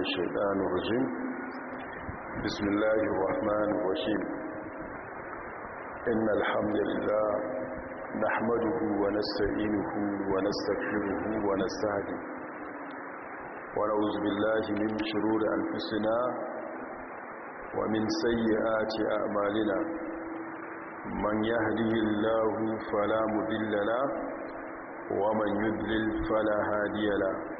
الشيطان الرجيم بسم الله الرحمن الرحيم إن الحمد لله نحمده ونستعينه ونستغفره ونستهديه ونعوذ بالله من شرور أنفسنا ومن سيئات أعمالنا من يهده الله فلا مذل له ومن يذلل فلا هادي له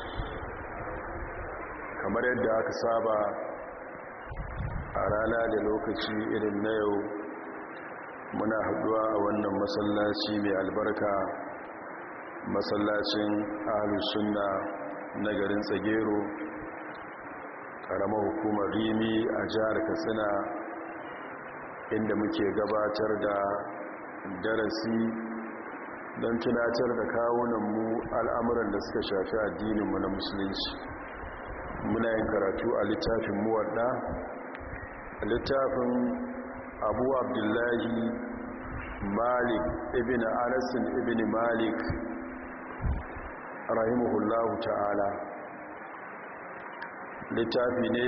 kamar yadda aka saba a rana da lokaci irin na yau muna haɗuwa a wannan masallaci mai albarka masallacin ahalus sunna na garin tsagero karamar hukumar rimi a jihar katsina inda muke gabatar da darasi don tunatar da kawunanmu al'amuran da suka shafi addininmu na musulunci muna yin karatu a littafin muwadda littafin abu abdullahi malik ibn anasin ibn malik rahimahullahu ta'ala littafi ne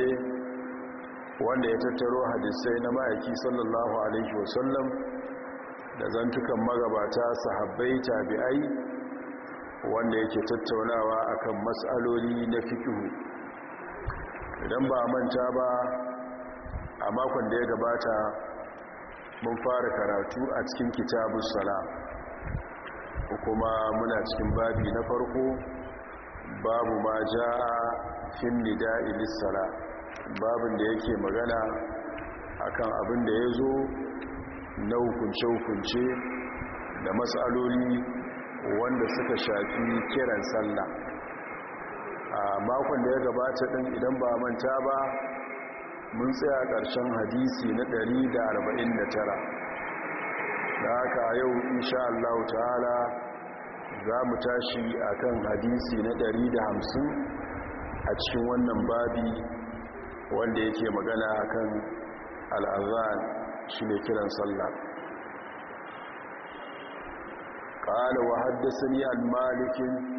wanda ya tattaro hadisai na ma'aiki sallallahu alaihi wasallam da zantukan magabata sahabbai tabi'ai wanda yake tattaunawa akan matsaloli na fikihu idan ba manta ba a makon da ya gabata mun fara karatu a cikin kitabun sala kuma muna cikin babi na farko babu ma a fin nida'i lis-sala babin da yake magana akan abin da ya zo na hukunce-hukunce da matsaloli wanda suka shafi kiran sallah a makon da ya gabata ɗin idan ba manta ba mun tsaya ƙarshen hadisi na 149 da haka yau insha Allah ta'ala za mu tashi a kan hadisi na 150 a cikin wannan babi wanda yake magana a kan al'azan shi ne kiran sallah قال وحدثني المالكي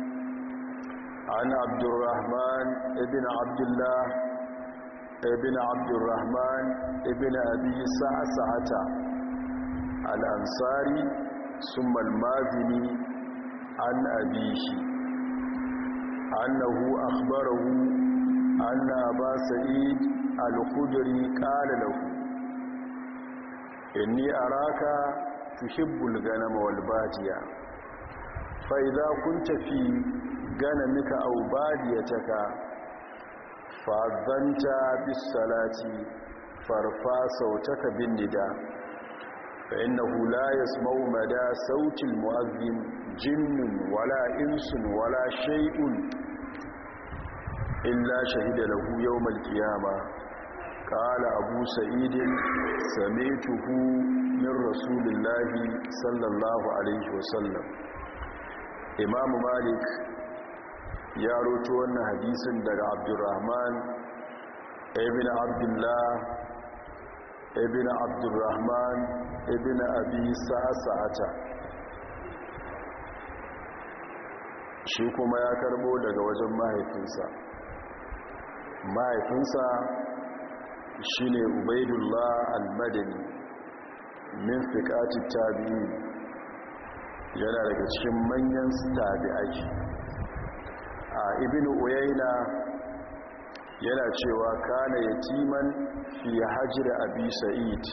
عن عبد الرحمن ابن عبد الله ابن عبد الرحمن ابن أبي سعسعة الأنصاري ثم المازني عن أبيه أنه أخبره أن أبا سعيد الخدري قال له إني أراك تحب الغنم والبادية faida kun tafi gana nika aubadiya ta ka fa'azanta bisalati farfa sauta ka bin nida fa yin na hula ya smauma da sautin mu'azin jinnin wala insun wala shai'un illa shahida lahu yau malkiyama kala abu sa'idin sametuhu min rasulullahi sallallahu alaihi wasallam imamu malik ya roto wannan hadisin daga abdurrahman ibn abdullah ibn abdurrahman ibn abi sa'ata shi kuma ya karbo daga wajen mahaifinsa mahaifinsa shine ubaidullah al-madani min fiqati tabi'in yana daga cikin manyan tabi'ai a ibn uyayna yana cewa kana yatiman fi hajr abi sa'id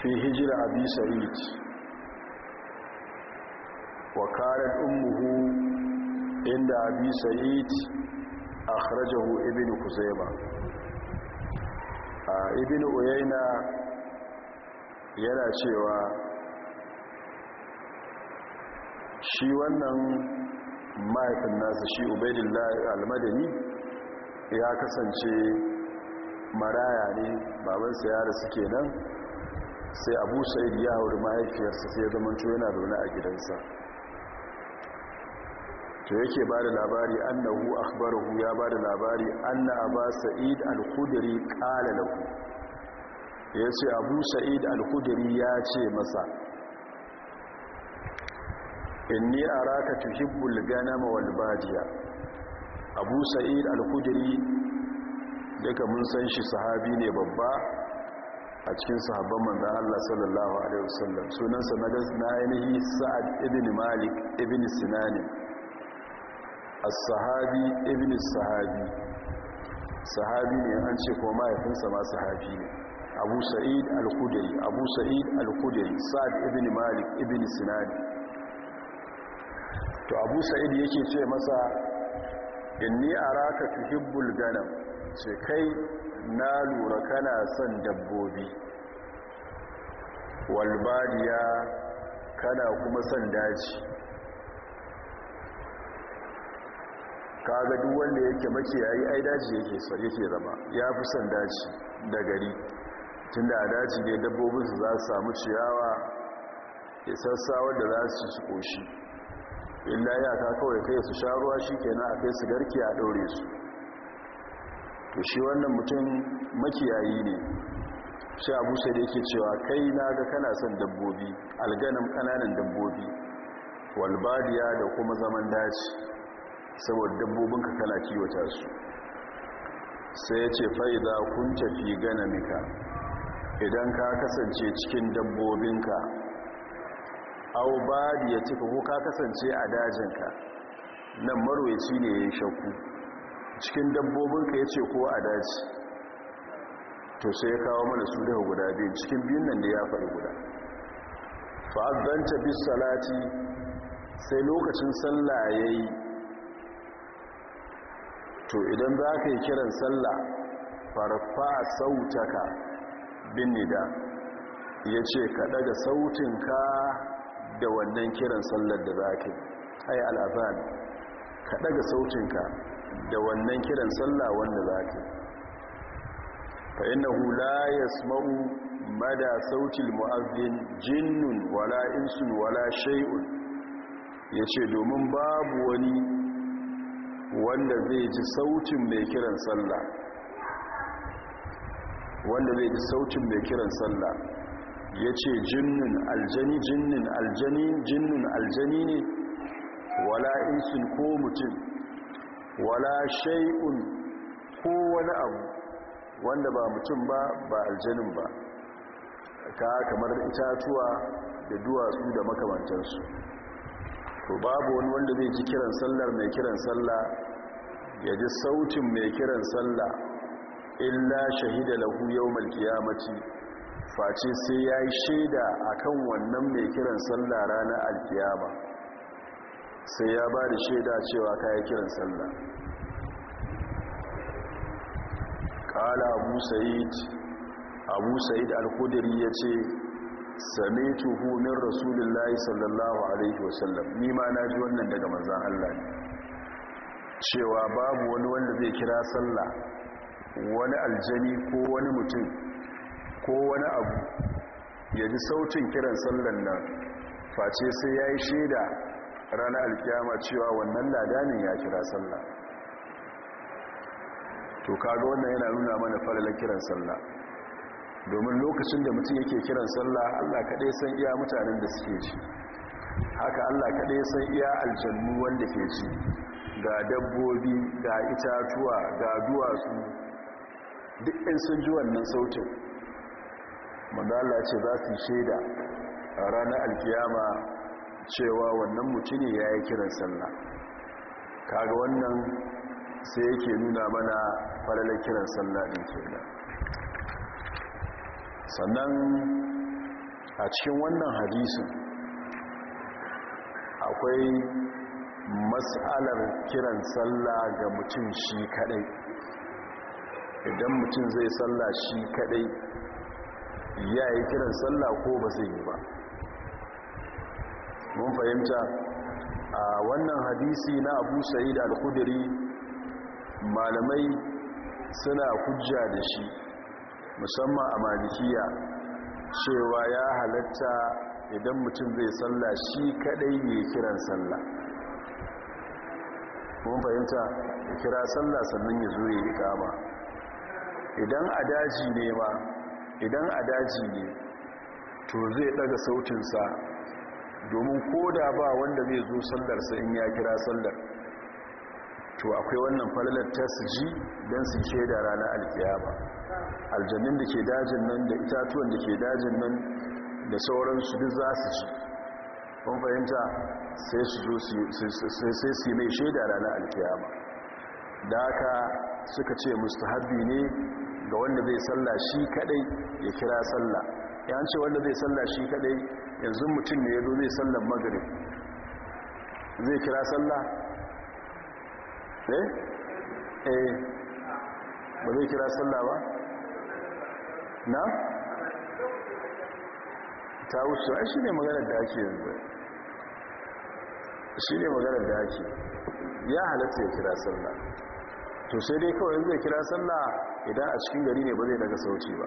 fi hijr abi sa'id wa karat ummuhu inda abi sa'id akhrajahu ibn A ibn uyayna yana cewa shi wannan ma'aikin nasa shi ubaidillah madani ya kasance maraya ne babansa ya rasu nan, sai abu Sa'id ya hauri mahaifiyarsa sai ya zamanto yana zaune a gidansa to yake ba da labari annahu akhbarahu ya ba da labari anna aba sa'id al-khudri qala lahu yace abu sa'id al-khudri ya ce masa inni araka tuhibbul ganama wal badiya abu sa'id al kudri daga mun san shi sahabi ne babba a cikin sahabban manzo Allah sallallahu alaihi wasallam sunansa na na ainihi sa'ad ibn malik ibn sinan as-sahabi ibn sahabi sahabi ne an ce ko mahaifinsa ma sahabi ne abu sa'id al kudri abu sa'id al kudri sa'ad ibn malik ibn sinan to abu sa'id yake ce masa inni araka tuhibbul ganam sai kai na lura kana son dabbobi walbadiya kana kuma son daji kaga duk wanda yake makiyayi ai daji yake so yake zama ya fi son daji da gari tunda a daji ne dabbobinsu za su samu ciyawa ya sassa wadda za su ci koshi illa yaka kawai kai su sha ruwa shi na a kai su garki a ɗaure su to shi wannan mutum makiyayi ne shi abu sai da yake cewa kai na ga kana son dabbobi alganin kananan dabbobi walbadiya da kuma zaman daci saboda dabbobinka kana kiwata su sai ya ce fa'iza kun tafi mika idan ka kasance cikin dabbobinka au da ya cika ko ka kasance a dajinka nan marwaci ne ya yi shakku cikin dabbobinka ya ce ko a daji to sai ya kawo mana su daga guda biyu cikin biyun nan da ya faru guda fa'adanta bis salati sai lokacin sallah yi. to idan za ka yi kiran sallah farfa sautaka bin nida ya ce ka daga sautinka da wannan kiran sallar da za ka yi ai al'azan ka ɗaga sautinka da wannan kiran sallah wanda za ka yi fa inna la yasma'u mada sautil mu'azzin jinnun wala insun wala shay'un yace domin babu wani wanda zai ji sautin mai kiran sallah wanda zai ji sautin mai kiran sallah ya ce jinnin aljani jinnin aljani jinnin aljani ne wala insin ko mutum wala shai'un ko wani abu wanda ba mutum ba ba aljanin ba ka kamar itatuwa da duwatsu da makamantarsu to babu wani wanda zai ji kiran sallar mai kiran sallah ya ji sautin mai kiran sallah illa shahida lahu yawmal qiyamati face sai ya yi shaida a kan wannan mai kiran sallah ranar alkiyama sai ya ba da shaida cewa ka yi kiran sallah ƙala abu sa'id abu sa'id al-kudiri ya ce same tuhu min rasulullahi sallallahu alaihi wasallam ni ma na ji wannan daga manzan allah ne cewa babu wani wanda zai kira sallah wani aljani ko wani mutum ko wani abu ya ji sautin kiran sallan nan face sai ya yi shaida ranar alkiyama cewa wannan ladanin ya kira sallah to kaga wannan yana nuna mana falalar kiran sallah domin lokacin da mutum yake kiran sallah Allah kaɗai san iya mutanen da suke ci haka Allah kaɗai san iya aljannu wanda ke ci ga dabbobi ga itatuwa ga duwatsu duk in sun ji wannan sautin manzala ce za su shaida a ranar alkiyama cewa wannan mutune ya yi kiran sallah kaga wannan sai yake nuna mana falalar kiran sallah din kenan sannan a cikin wannan hadisun akwai mas'alar kiran sallah ga mutum shi kadai idan mutum zai sallah shi kadai ya yi kiran sallah ko ba zai yi ba mun fahimta a wannan hadisi na abu sa'id al malamai suna hujja da shi musamman a malikiya cewa ya halatta idan mutum zai salla shi kadai ne kiran sallah. mun fahimta ya kira Sallah sannan ya zo ya yi kama idan a daji ne ba. idan a daji ne to zai daga sautinsa domin ko da ba wanda zai zo sallarsa in ya kira sallar to akwai wannan falalar ta su ji don su da ranar alkiyama aljannin da ke dajin nan da itatuwan da ke dajin nan da sauransu duk za su ci kun fahimta sai su yi mai shaida ranar alkiyama da haka suka ce mustahabi ne ga wanda zai salla shi kadai ya kira salla ya ce wanda zai salla shi kadai yanzu mutum ne ya zo zai salla magrib zai kira salla eh eh ba zai kira salla ba na ta wuce ai shi ne maganar da ake yanzu shi ne maganar da ake ya halatta ya kira sallah to sai dai kawai zai kira sallah idan a cikin gari ne ba zai daga sauci ba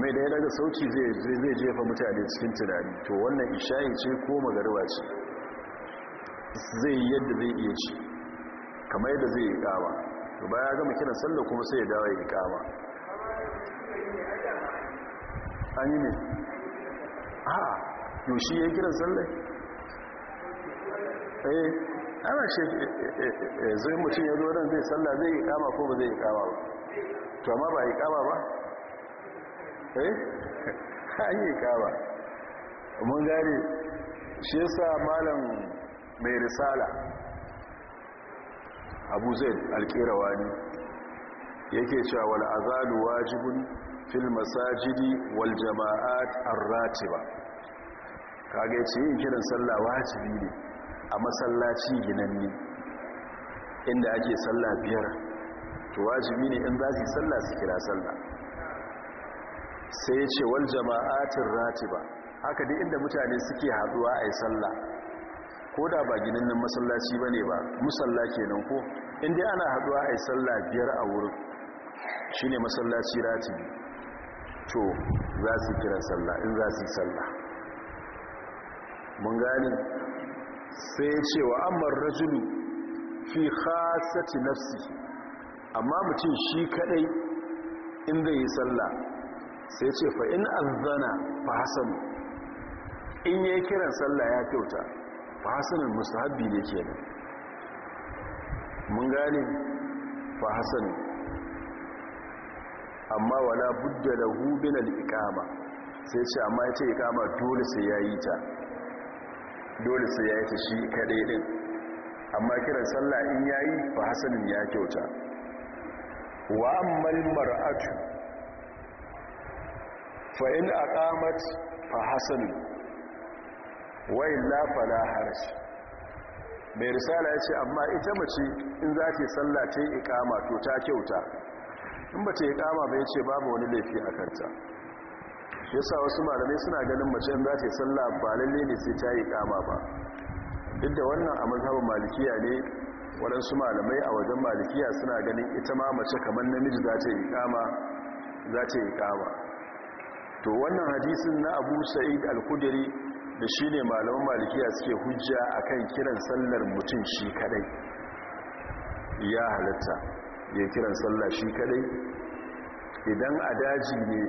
mai da ya daga sauci zai jefa mutane cikin tunani to wannan isha'i ce ko magarwa ce zai yi yadda zai iya ci kamar yadda zai yi kama to baya gama kiran sallar kuma sai ya dawo ya kama an yi ne a yoshi ya kiran sallah eh ana ce eh, eh, eh, zai mutum ya zo nan zai sallah zai yi kama ko ba zai yi kama ba to amma ba yi kaba ba eh an yi kaba mun gane shi yasa malam mai risala abu zaid alqirawani yake cewa wal azalu wajibun fil masajidi wal jama'at ar-ratiba kage ce yin kiran sallah wajibi ne a masallaci ginanni inda ake sallah biyar to wajibi ne in za su yi su kira salla sai ya ce wal jama'atin ratiba haka dai inda mutane suke haduwa a yi sallah ko da ba ginannin masallaci ba ne ba musalla kenan ko inda ana haduwa a yi sallah biyar a wurin shi ne masallaci ratibi to za su kira salla in za su yi mun gani sai ya ce wa amman rajulu fi khasati nafsihi amma mutum shi kadai in zai yi sallah sai ce fa in azana fa hasan in yi kiran sallah ya kyauta fa hasanun mustahabbi ne kenan mun gane fa hasan amma wala budda lahu min al sai ce amma yace iƙama dole sai yayi ta dole sai yayi ta shi kadai din amma kiran sallah in yayi fa hasanin ya kyauta wa ammal mar'atu fa in aqamat fa hasan wa illa fala haraj mai risala yace amma ita mace in za ta sallah ta iqama to ta kyauta in ba ta iqama ba yace babu wani laifi a kanta yasa wasu malamai suna ganin mace in za ta sallah ba lalle ne sai ta iqama ba duk da wannan a mazhabin malikiya ne waɗansu malamai a wajen malikiya suna ganin ita ma mace kamar namiji za ta yi kama za ta yi to wannan hadisin na abu sa'id Alkudiri da shi ne malaman malikiya suke hujja a kan kiran sallar mutum shi kadai ya halatta ya kiran sallar shi kadai idan a daji ne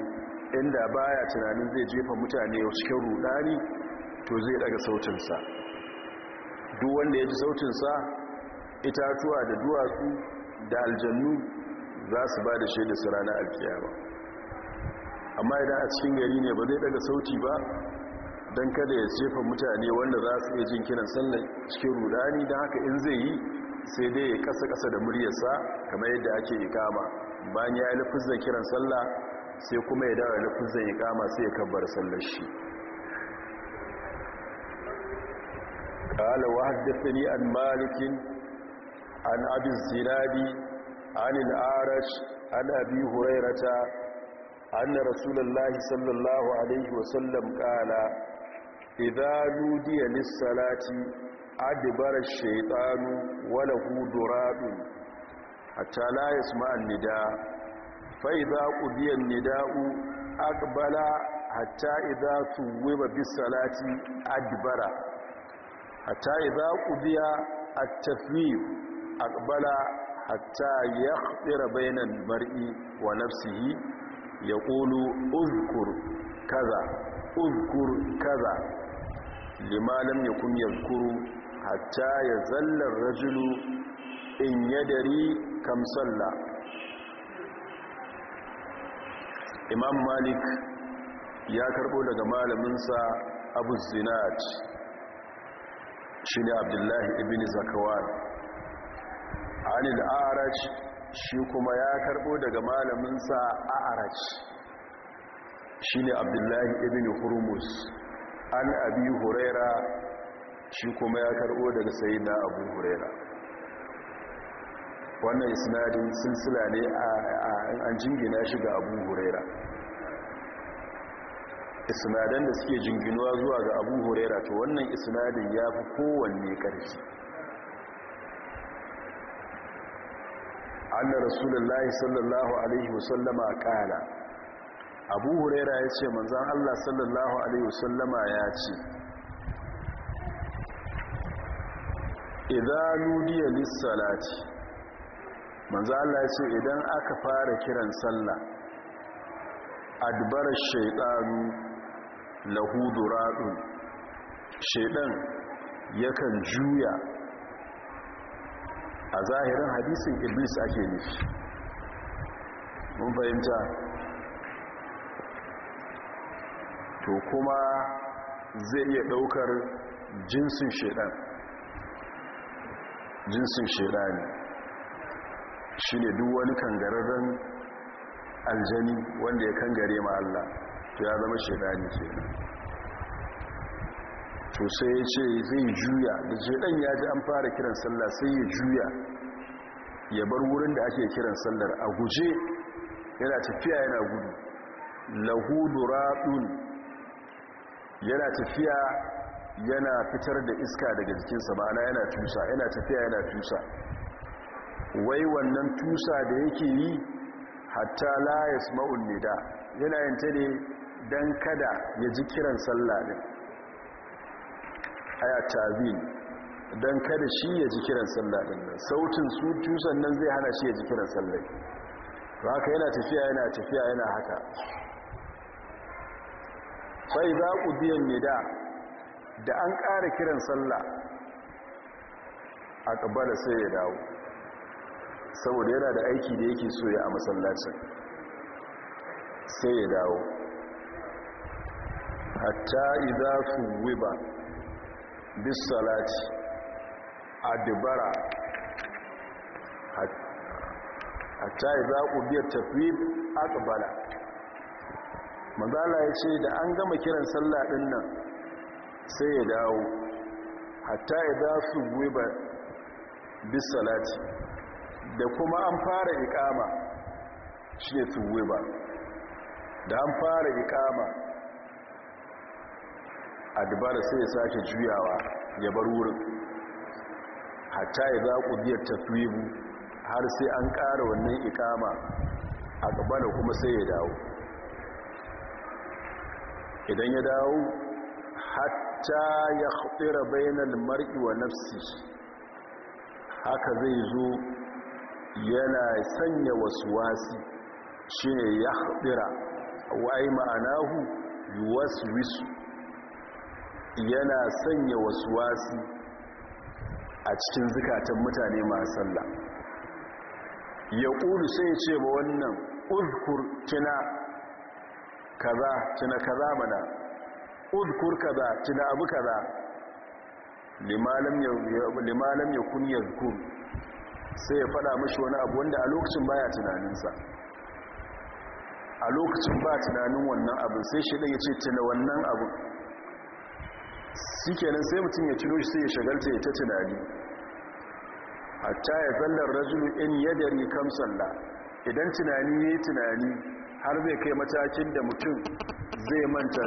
inda baya tunanin zai jefa mutane cikin rudani to zai daga sautinsa duk wanda ya ji sautinsa itatuwa da duwatsu da aljannu za su ba da shaida su a alkiyama amma idan a cikin gari ne ba zai daga sauti ba don kada ya jefa mutane wanda za su iya jin kiran sallar cikin rudani don haka in zai yi sai dai ya kasa-kasa da muryarsa kamar yadda ake ikama bayan ya yi lafizan kiran sallah sai kuma ya dawo lafizan ikama sai ya kabbar sallar shi قال وحدثني عن مالك an abin zinadi an al'arash an abi hurairata an na rasulallahi sallallahu alaihi wasallam kala idanu diya lissalati adibarar shaitanu wala huduraɗu hatta la yasma'an nida fa'iza ƙudiyar nida'u bala, hatta idza suwiba bis salati adbara hatta idza qudiya at-tafwid akbala hatta ya yaqtira bainan mar'i wa nafsihi yaqulu uzkur kaza uzkur kaza lima lam yakun hatta ya zallar rajulu in yadari kam salla imam malik ya karbo daga malaminsa abu zinat shi ne abdullahi ibn zakawan anil a'raj shi kuma ya karbo daga malaminsa a'raj ne abdullahi ibn hurmus an abi huraira shi kuma ya karbo daga na abu huraira wannan isnadin silsila ne an jingina shi ga abu huraira isnadan da suke jinginuwa zuwa ga abu huraira to wannan isnadin ya fi kowanne ƙarfi anna rasulullahi sallallahu alaihi wasallama kala abu huraira ya ce manzan allah sallallahu alaihi wasallama ya ce idan nudiya lissalati manzan allah ya ce idan aka fara kiran sallah adbar shaidanu lahu duradun shaidan yakan juya a zahirin hadisin iblis ake nufi mun fahimta to kuma zai iya daukar jinsin shaidan jinsin ne. shi ne duk wani kangararren aljani wanda ya kangare ma Allah to ya zama ne kenan to sai ya ce zai juya da ɗan ya ji an fara kiran sallah sai ya juya ya bar wurin da ake kiran sallar a guje yana tafiya yana gudu lahudu raɗun yana tafiya yana fitar da iska daga jikinsa ma'ana yana tusa yana tafiya yana tusa wai wannan tusa da yake yi hatta la yasma'un nida yana yin ta ne dan kada ya ji kiran sallah din haya tabin don kada shi ya ji kiran sallah nan sautin su tusan nan zai hana shi ya ji kiran sallah ba haka yana tafiya yana tafiya yana haka sai za ku biyan nida da an ƙara kiran sallah a ƙabala sai ya dawo saboda yana da aiki da yake so ya a masallacin sai ya dawo hatta iza su wiba bisalati adibara biya tafi a ƙabala aqbala ya ce da an gama kiran sallah nan sai ya dawo hatta su sububa bisalati da kuma an fara ikama shi ne sububa da an fara ikama. a dabara sai ya sake juyawa ya bar wurin hatta ya za ku biyar tafibu har sai an ƙara wannan ikama a gabana kuma sai ya dawo idan ya dawo hatta ya haɗira bainar mar'i wa nafsi haka zai zo yana sanya wasu wasi shi ne ya haɗira wa'ai ma'anahu yi wasu wisu yana sanya wasu wasi a cikin zikatan mutane masu sallah ya ƙulu sai ce ba wannan uzkur kina kaza kina kaza mana uzkur kaza kina abu kaza limalam ya kun yanku sai ya fada mashi wani abu wanda a lokacin baya tunaninsa a lokacin ba tunanin wannan abin sai shi ɗaya ce tuna wannan abin shi kenan sai mutum ya ciro shi sai ya shagalta ya ta tunani A ya zallar rajulu in yadari kam sallah idan tunani ya yi tunani har zai kai matakin da mutum zai manta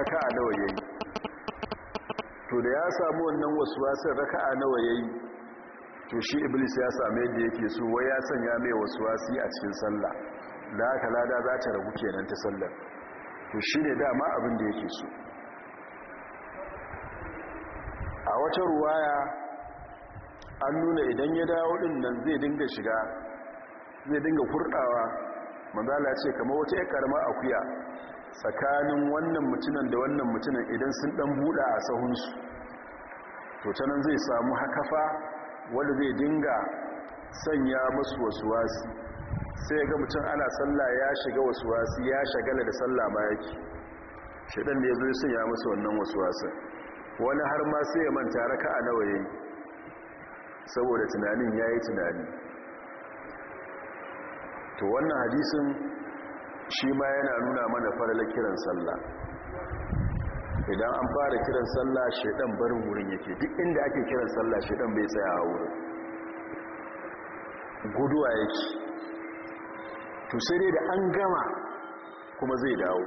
raka a nawa ya yi to da ya samu wannan wasu wasan raka a nawa ya yi to shi iblis ya sami yadda yake so wai ya sanya mai wasu wasi a cikin sallah da haka lada za ta ragu kenan ta sallar to shi ne dama abin da yake so a wata ruwaya an nuna idan ya dawo din nan zai dinga shiga zai dinga kurdawa manzala ce kamar wata ya karama akuya tsakanin wannan mutunan da wannan mutunan idan sun ɗan buɗa a sahunsu to ta zai samu hakafa wanda zai dinga sanya masu wasu wasi sai ga mutum ana sallah ya shiga wasu wasi ya shagala da sallah ma yake shi ɗan da ya zo ya sanya masu wannan wasu wasan wani har ma sai ya manta raka a yayi saboda tunanin ya yi tunani to wannan hadisin shi ma yana nuna mana falalar kiran sallah idan an fara kiran sallah shaidan barin wurin yake duk inda ake kiran sallah shaidan bai tsaya a wurin guduwa yake to sai dai da an gama kuma zai dawo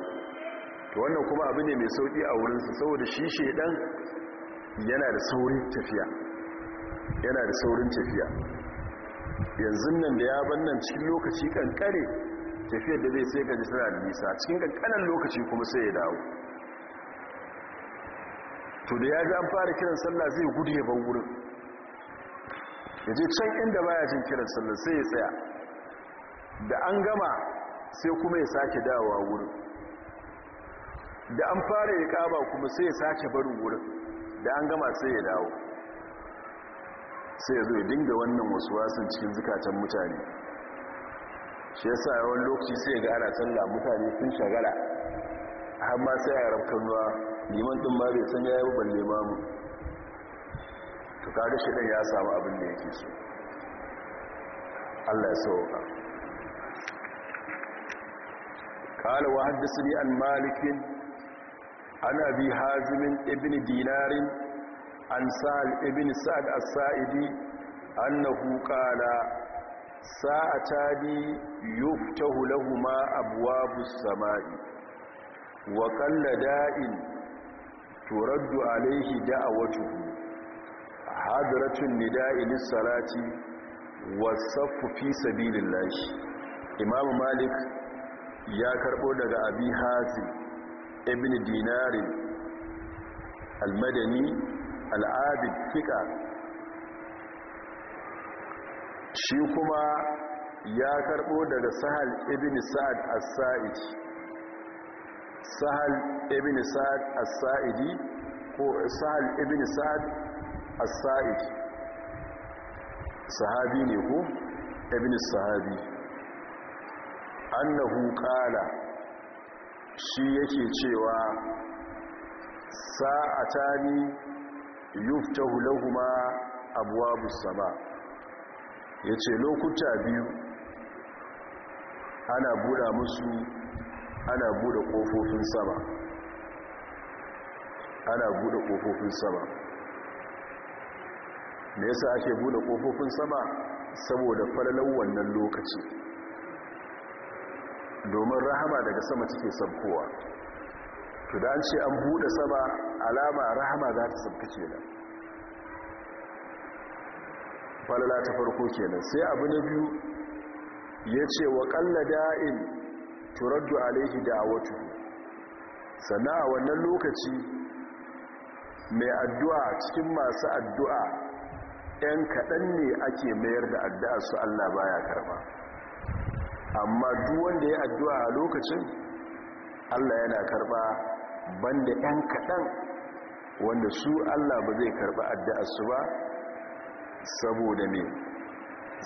to wannan kuma abu ne mai sauki a wurinsa saboda shi shaidan yana da saurin tafiya yana da saurin tafiya yanzu nan da ya bannan cikin lokaci kankare tafiyar da zai sai ka ji tana da nisa cikin kankanan lokaci kuma sai ya dawo to da ya ji an fara kiran sallah zai gudu ya ban wurin ya ce can inda baya jin kiran sallah sai ya tsaya da an gama sai kuma ya sake dawowa wurin da an fara ya kaba kuma sai ya sake barin wurin da an gama sai ya dawo sai ya zo dinga wannan wasu wasan cikin zikatan mutane shi ya sa yawan lokaci sai ya ga ana sallah mutane sun shagala har ma sai a rabkan ruwa liman ɗin ba bai san ya yi mamu to kaga shi ɗan ya samu abin da yake so Allah ya sauka قال وحدثني عن مالك ana bi hazimin ibn dinarin an sa'al ibn sa'ad as-sa'idi annahu qala sa'atani yuftahu lahumu abwabus samai wa qalla da'in turaddu alayhi da'awatuhu hadratun nida'i lis-salati was fi sabilillah imam malik ya karbo daga abi hazim ibn dinarin almadani al'abid fika shi kuma ya karbo daga sahal ibn sa'ad as-sa'id sahal ibn sa'ad as-sa'idi ko sahal ibn sa'ad as-sa'id sahabi ne ko ibn sahabi annahu qala shi yake cewa Sa'a yufta abuwa lahuma ba, ya ce lokuta biyu ana buɗa musu ana buɗe ƙofofin sama ana buɗe ƙofofin sama me yasa ake buɗe ƙofofin sama saboda falalar wannan lokaci domin rahama daga sama take sabkowa to da an ce an bude sama alama rahama za ta sabka kenan falala ta farko kenan sai abu na biyu ya ce wa ƙalla da'in turaddu alaihi da'awatu sannan a wannan lokaci mai addu'a cikin masu addu'a ‘yan kaɗan ne ake mayar da addu'a su Allah baya karba amma duk wanda ya addu'a a lokacin Allah yana karba banda ɗan kaɗan wanda su Allah ba zai karba addu'arsu ba saboda ne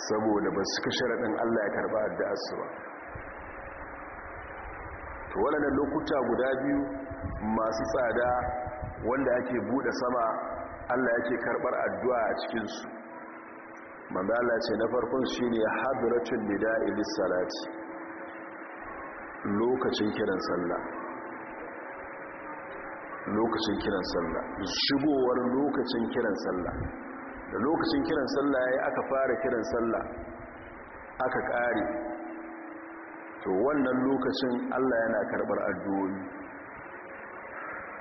saboda ba suka sharaɗin Allah ya karba addu'arsu ba to waɗannan lokuta guda biyu masu tsada wanda ake buɗe sama Allah yake karɓar addu'a a cikinsu mandala ce na farkon shi ne hadratun nida ilis salati lokacin kiran sallah lokacin kiran sallah shigowar lokacin kiran sallah da lokacin kiran sallah ya aka fara kiran sallah aka ƙare to wannan lokacin allah yana karɓar addu'o'i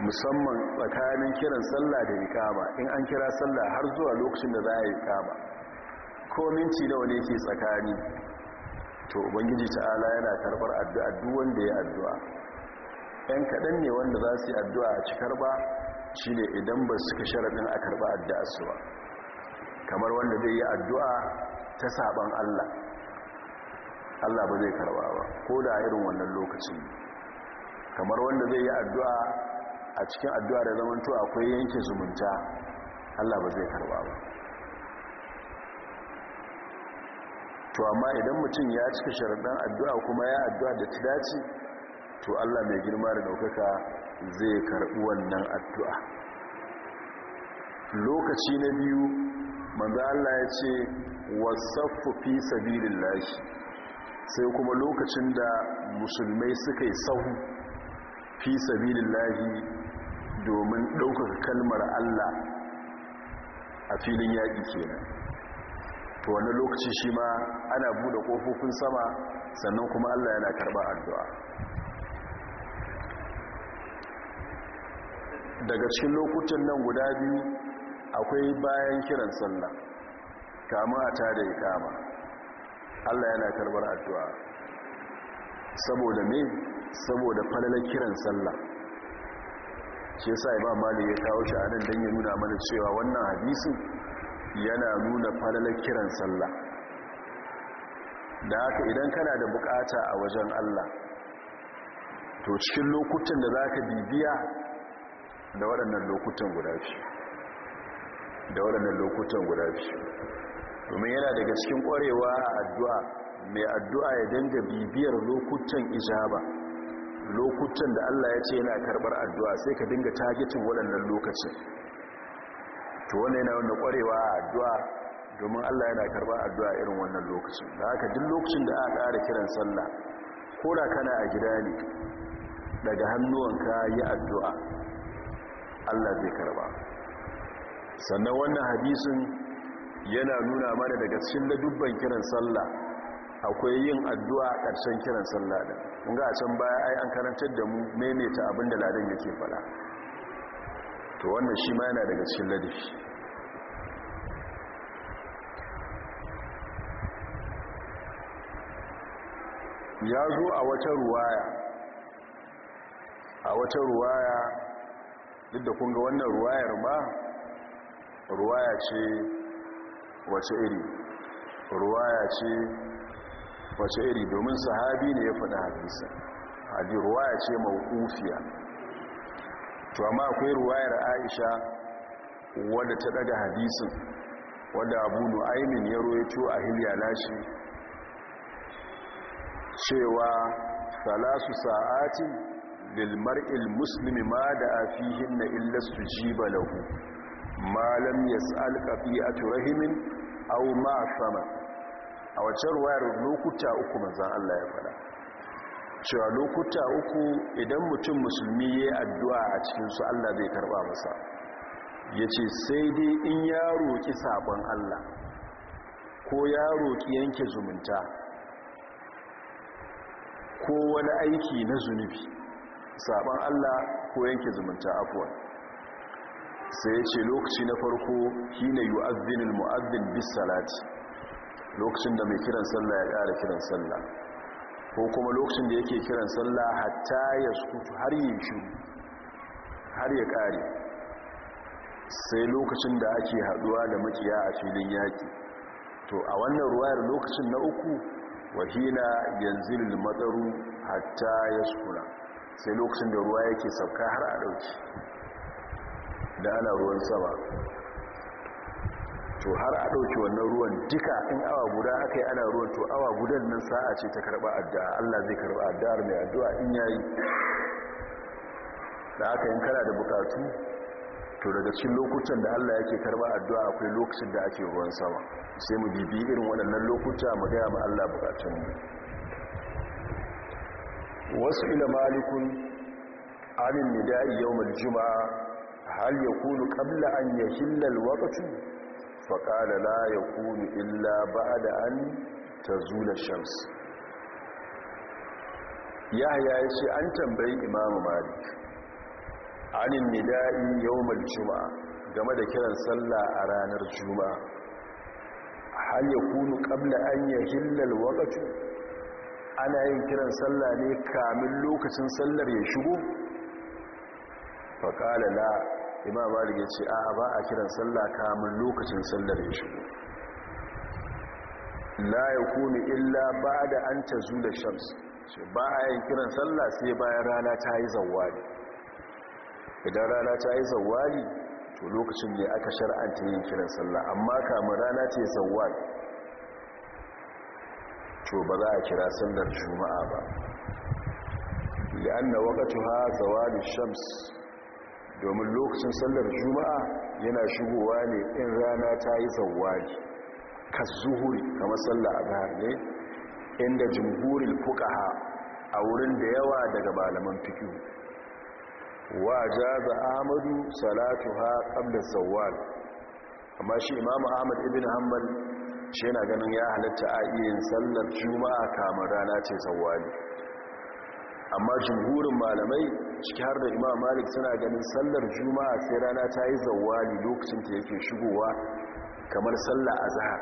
musamman tsakanin kiran sallah da ikama in an kira sallah har zuwa lokacin da za a yi ikama ko minti nawa ne ke tsakani to ubangiji ta'ala yana karbar addu'a duk wanda ya addu'a Yan kaɗan ne wanda za su yi addu'a a cikar ba shi ne idan ba suka sharaɗin a karɓa addu'a su ba kamar wanda zai yi addu'a ta saɓan allah allah ba zai karɓa ba ko da irin wannan lokacin kamar wanda zai yi addu'a a cikin addu'a da zamantu akwai yanke zumunta allah ba zai karɓa ba to amma idan mutum ya cika sharaɗin addu'a kuma ya addu'a da ta dace to Allah mai girma da ɗaukaka zai karɓi wannan addu'a lokaci na biyu manzo Allah ya ce wasaffu fi sabilillah sai kuma lokacin da musulmai suka yi sahu fi sabilillah domin ɗaukaka kalmar Allah a filin yaƙi kenan to wannan lokaci shi ma ana bude kofofin sama sannan kuma Allah yana karba addu'a daga cikin lokutan nan guda biyu akwai bayan kiran sallah kama a tada ikama Allah yana karbar addu'a saboda me saboda falalar kiran sallah shi yasa imam mali ya kawo shi a nan don ya nuna mana cewa wannan hadisi? yana nuna falalar kiran sallah da haka idan kana da bukata a wajen Allah to cikin lokutan da za ka bibiya da waɗannan lokutan guda biyu da waɗannan lokutan guda biyu domin yana daga cikin ƙwarewa a addu'a mai addu'a ya danga bibiyar lokutan ijaba lokutan da Allah ya ce yana karɓar addu'a sai ka dinga tagitin waɗannan lokacin to wannan yana wanda kwarewa a addu'a domin Allah yana karba addu'a irin wannan lokacin da haka duk lokacin da aka ƙara kiran sallah ko da kana a gida ne daga hannuwanka yi addu'a Allah zai karba sannan wannan hadisin yana nuna mana daga cikin dubban kiran sallah akwai yin addu'a ƙarshen kiran sallah ɗin Mun ga a can baya ai an karantar da mu maimaita abin da ladan yake faɗa to wannan shi ma yana daga cikin ladabi ya zo a wata ruwaya a wata ruwaya duk da kunga wannan ruwayar ba ruwaya ce wace iri ruwaya ce wace iri domin sahabi ne ya faɗa hadisa hadi ruwaya ce mawukufiya to amma akwai ruwayar aisha wadda ta daga hadisin wadda abu nu'aimin ya royato a hilya lashi cewa salasu sa'atin lilmar'il ilmuslimi ma da a afihin na illa su ji balahu malam ya fi a turahimin au ma sama a wacce ruwayar lokuta uku manzan Allah ya fada cewa lokuta uku idan mutum musulmi ya addu'a a cikinsu Allah zai karɓa masa ya ce sai dai in ya roƙi saƙon Allah ko ya roƙi yanke zumunta ko wani aiki na zunubi saƙon Allah ko yanke zumunta afuwa sai ya ce lokaci na farko shi ne yi azinin mu'azin bisalati lokacin da mai kiran sallah ya ƙara kiran sallah ko kuma lokacin da yake kiran sallah hatta ya sukutu har yi shiru har ya kare sai lokacin da ake haduwa da makiya a filin yaki to a wannan ruwayar lokacin na uku wahila yanzu matsaru hatta ya sukuna sai lokacin da ruwa yake sauka har a dauki da ana ruwan sama to har a ɗauki wannan ruwan duka in awa guda aka yi ana ruwan to awa gudan nan sa'a ce ta karɓa addu'a allah zai karɓa addu'ar mai addu'a in yayi da aka yin kana da bukatu to daga cikin lokutan da allah yake karɓa addu'a akwai lokacin da ake ruwan sama sai mu bibi irin waɗannan lokuta mu gaya ma allah mu. wasu ila malikun amin nidai yawmal juma'a hal yakunu qabla an yahilla alwaqtu faƙala la ya kunu illa ba da an ta zula shams yahya ya ce an tambayi imamu malik anin nida'i yawmal juma'a game da kiran sallah a ranar juma'a hal ya kunu ƙabla an ya hillal waƙatu ana yin kiran sallah ne kamin lokacin sallar ya shigo faƙala la imam malik ya ce a ba a kiran sallah kamun lokacin sallar ya shigo la ya kuni illa ba da an ta da shams ce ba a yin kiran sallah sai bayan rana ta yi zawali idan rana ta yi zawali to lokacin ne aka shar'anta yin kiran sallah amma kamun rana ta yi zawali to ba za a kira sallar juma'a ba li'anna waqtuha zawali shams domin lokacin sallar juma'a yana shigowa ne in rana ta yi zawali kazuhuri kamar sallar azhar ne inda jumhurin fuqaha a wurin da yawa daga malaman fiqh wa jaza ahmadu ha qabla zawal amma shi imamu ahmad ibn hanbal shi yana ganin ya halatta a iya yin sallar juma'a kamar rana ce zawali amma jumhurin malamai ciki har da imam malik suna ganin sallar juma'a sai rana ta yi zawali lokacin ta yake shigowa kamar sallar zahar.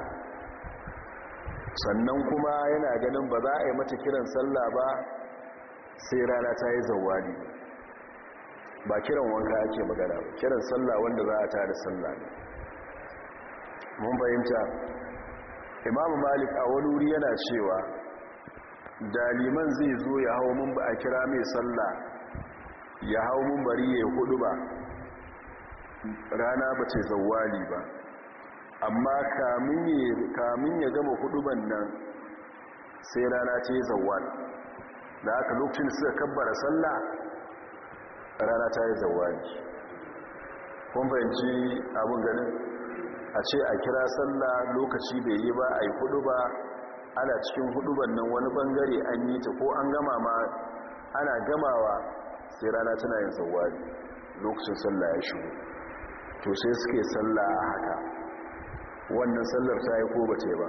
sannan kuma yana ganin ba za a yi mata kiran sallah ba sai rana ta yi zawali ba kiran wanka ake magana ba kiran sallah wanda za a tare sallah ne mun fahimta imam malik a wani wuri yana cewa daliman zai zo ya hau mun ba a kira mai sallah ya hau bari ya hudu ba rana ba ce zawali ba amma kamin ya gama hudu ban nan sai rana ce zawali da aka lokacin suka kabbara salla rana ta yi zawali kun fahimci abin ganin a ce a kira salla lokaci bai yi ba a yi hudu ba ana cikin hudu nan wani bangare an yi ta ko an gama ma ana gamawa sai rana tana yin tsawari lokacin sallah ya shigo to sai suke sallah haka wannan sallar ta yi ko ba ce ba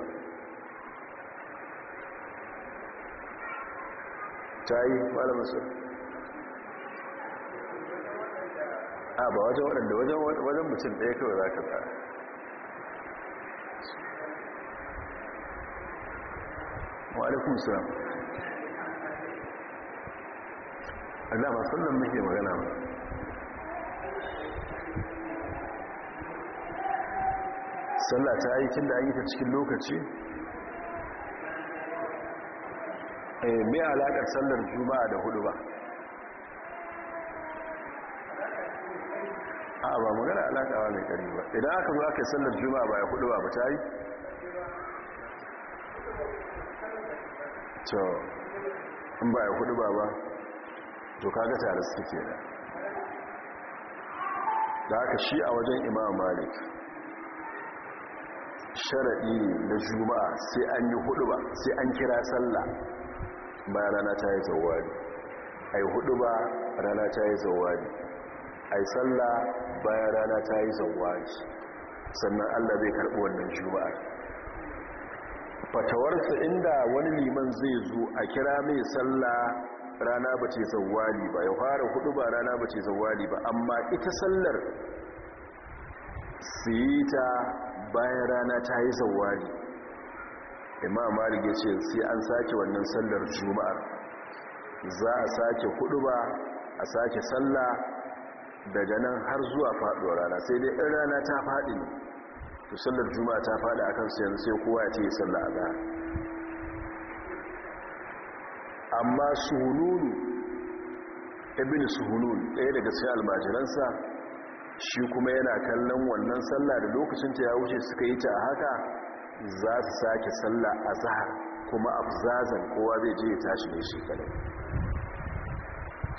ta yi malamansu a ba wajen waɗanda wajen mutum ɗaya kawai za ka tsara wa alaikun salam a dama sannan muke magana ba, sallah ta yi kin da an yi ta cikin lokaci eh, me alaƙar sallar juma'a da hudu ba a ba magana ba mai ƙari ba idan aka zo aka yi sallar juma'a ba ya hudu ba ba ta yi to in ba ya hudu ba ba to kaga tare suke da da aka shi a wajen imam malik sharaɗi na juma'a sai an yi hudu ba sai an kira sallah bayan rana ta yi zawari a yi hudu ba rana ta yi zawari a sallah bayan rana ta yi zawari sannan allah zai karɓi wannan juma'a fatawarsa inda wani liman zai zo a kira mai sallah rana ba ce zawali ba ya fara hudu ba rana ba ce zawali ba amma ita sallar su yi ta bayan rana ta yi zawali imam malik ya ce sai an sake wannan sallar juma'ar za a sake hudu ba a sake sallah daga nan har zuwa faduwar rana sai dai in rana ta faɗi ne to sallar juma'a ta faɗi a akan sai kowa ya ce sallah a zahar amma suhululu ibn suhulul ɗaya daga sai almajiransa shi kuma yana kallon wannan sallah da lokacin ta ya wuce suka yi ta a haka za su sake sallah a zahar kuma afzazan kowa zai je ya tashi ne shi kadai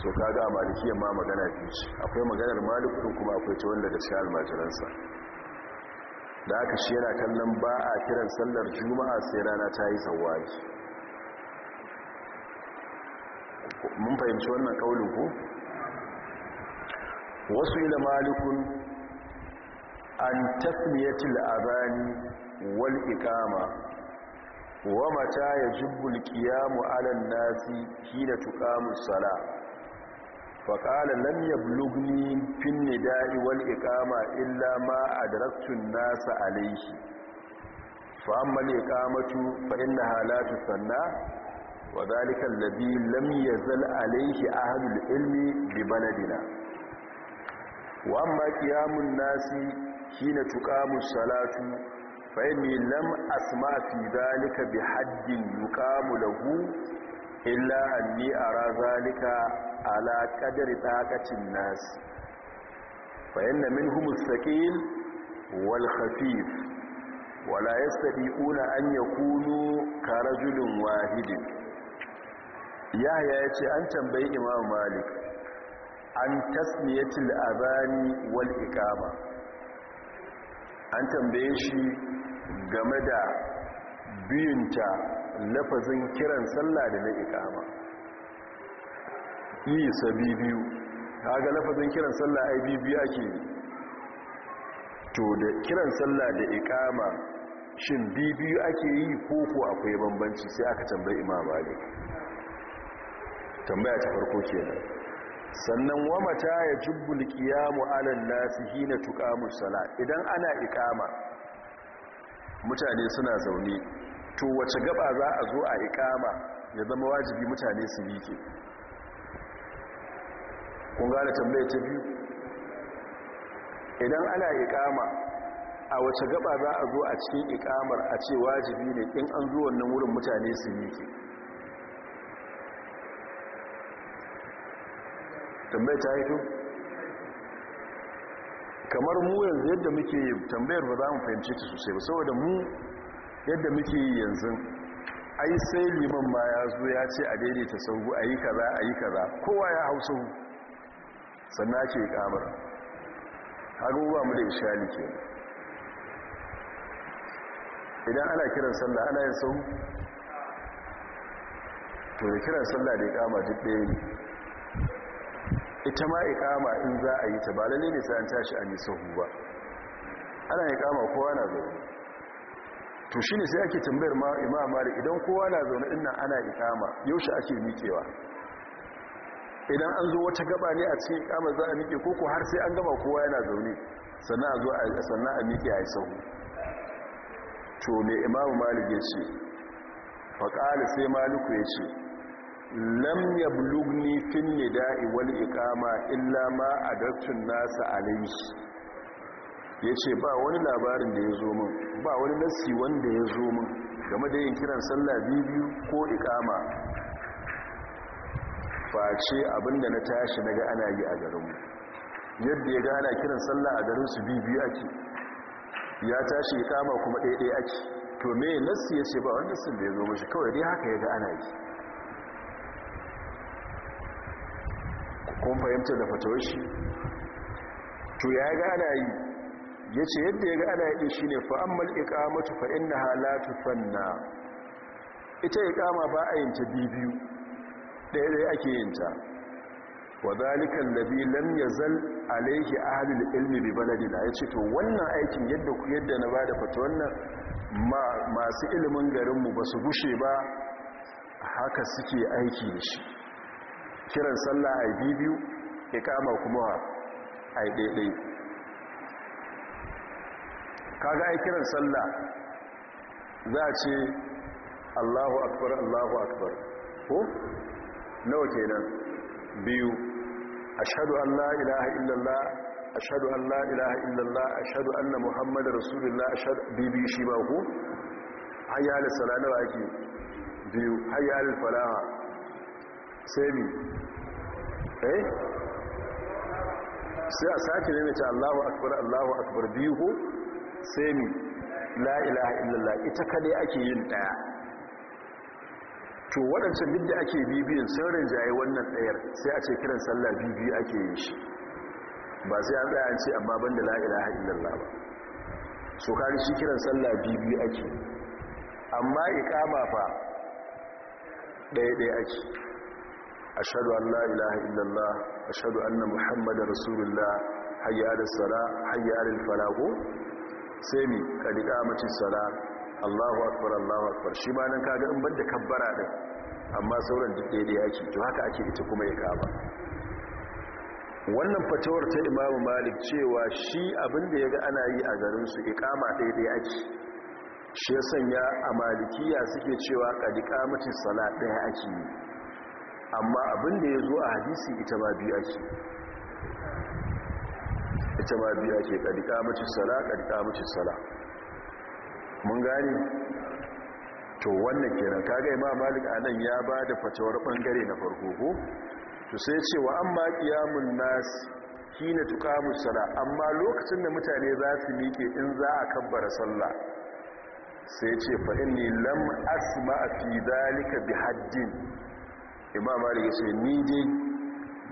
so kaga a maliki yamma magana biyu akwai maganar malikun kuma akwai ta wanda da sai almajiransa da aka shi yana kallon ba a kiran sallar juma'a sai rana ta yi zawaki mun fahimci wannan kaulin ku wasu ila malikun an tasmiyatil azani wal iqama wa mata yajibu alqiyamu ala nasi hina tuqamu as-sala fa qala lam yablughni fin nida'i wal iqama illa ma adraktu daraktun nasa alayhi fa amma al-iqamatu fa innaha la tusanna وذلك الذي لم يزل عليه أهل العلم ببلدنا وأما قيام الناس حين تقام الصلاة فإني لم أسمع في ذلك بحد يقام له إلا أني أرى ذلك على قدر طاقة الناس فإن منهم الثقيل والخفيف ولا يستطيعون أن يكونوا كرجل واحد yahya ya ce an tambayi imam malik an tasmiyatul abani wal iqama an tambaye shi game da biyunta lafazin kiran sallah da na iqama yi sabi biyu kaga lafazin kiran sallah ai biyu ake to da kiran sallah da iqama shin biyu ake yi ko ko akwai bambanci sai aka tambayi imam malik tambaya ta farko kenan sannan wa mata ya jubbul qiyamu ala nasi hina tuqamu sala idan ana iqama mutane suna zaune to wace gaba za a zo a iqama ya zama wajibi mutane su ke. kun gane tambaya ta biyu idan ana iqama a wace gaba za a zo a cikin ikamar a ce wajibi ne in an zo wannan wurin mutane su yi tambayar ta haifin kamar mu yanzu yadda muke tambayar ba za mu fahimci ta sosai ba saboda mu yadda muke yanzu ai sai liman ma ya zo ya ce a daidaita saugu a yi kaza a yi kaza kowa ya hau sau sannan ake kamar har ba mu da ishali ke idan ana kiran sallah ana yin sau to da kiran sallah da ya kama duk ɗaya ne ita ma ikama in za a yi ta ba lalle ne sai an tashi an yi sahu ba ana ikama kowa na zaune to shi ne sai ake tambayar ma imam malik idan kowa na zaune din inna ana ikama yaushe ake miƙewa idan an zo wata gaba ne a cikin ikama za a miƙe ko har sai an gaba kowa yana zaune sannan a zo sannan a miƙe a yi sahu to me imam malik ya ce faqala sai maliku ya ce lam yablughni fin nida'i wal iqama illa ma adatun nasa alayhi yace ba wani labarin da ya zo min ba wani nasi wanda ya zo min game da yin kiran sallah biyu ko iqama face abinda na tashi naga ana yi a garinmu yadda ya gana kiran sallah a garin su biyu ake ya tashi iqama kuma ɗaya ɗaya ake to me nassi yace ba wani nasin da ya zo mishi kawai dai haka ya ga ana yi kun fahimta da fatawar shi to ya ga ana yi ya ce yadda ya ga ana yi shi ne fa'ammal ikamatu fa'in na halatu fanna ita ikama ba a yinta biyu ɗaya ɗaya ake yinta wa zalikan labi lam ya zal a halin ilmi bi baladina ya ce to wannan aikin yadda ku yadda na ba da fatawar nan masu ilimin garinmu ba su gushe ba haka suke aiki da shi kiran sallah a biyu ke kama kuma a ɗaiɗai kaga ai kiran sallah za a ce allahu akbar allahu akbar ko nawa kenan biyu ashhadu an la'ilaha ilaha illallah ashhadu an la ilaha illallah an na muhammadu rasulullah ashhadu bibi shi ba ku hayya al-salamu ake biyu hayya al-falaha sai mi eh sai a sake ne ce Allahu akbar Allahu akbar biyu ko sai mi la ilaha illallah ita kadai ake yin daya to waɗancan duk da ake bibiyin sun rinjaye wannan ɗayar sai a ce kiran sallah bibiyu ake yin shi ba sai an tsaya ce amma banda la ilaha illallah ba so kari shi kiran sallah bibiyu ake amma iqama fa ɗaya ɗaya ake ashadu an la ilaha illallah ashadu na muhammadu rasulullah hayya da sala hayya falago sai mi ka diga mace sala allahu akbar allahu akbar shi ma nan kaga in banda kabbara ɗin, amma sauran duk daidai yake to haka ake ita kuma ya kaba wannan fatawar ta imamu malik cewa shi abinda ya ga ana yi a garinsu ikama daidai ake shi ya sanya a malikiya suke cewa kadika mutum sala ɗaya ake yi amma abin da ya zo a hadisi ita ma biyu ce ita ma biyu ake ƙadika mace sala ƙadika mace sala mun gane to wannan kenan kaga ima malik anan ya ba da fatawar ɓangare na farko ko to sai cewa amma qiyamun nas kina tuqamu sala amma lokacin da mutane za su miƙe in za a kabbara sallah sai ce fa inni lam asma fi zalika bi haddin imam malik ya ce ni dai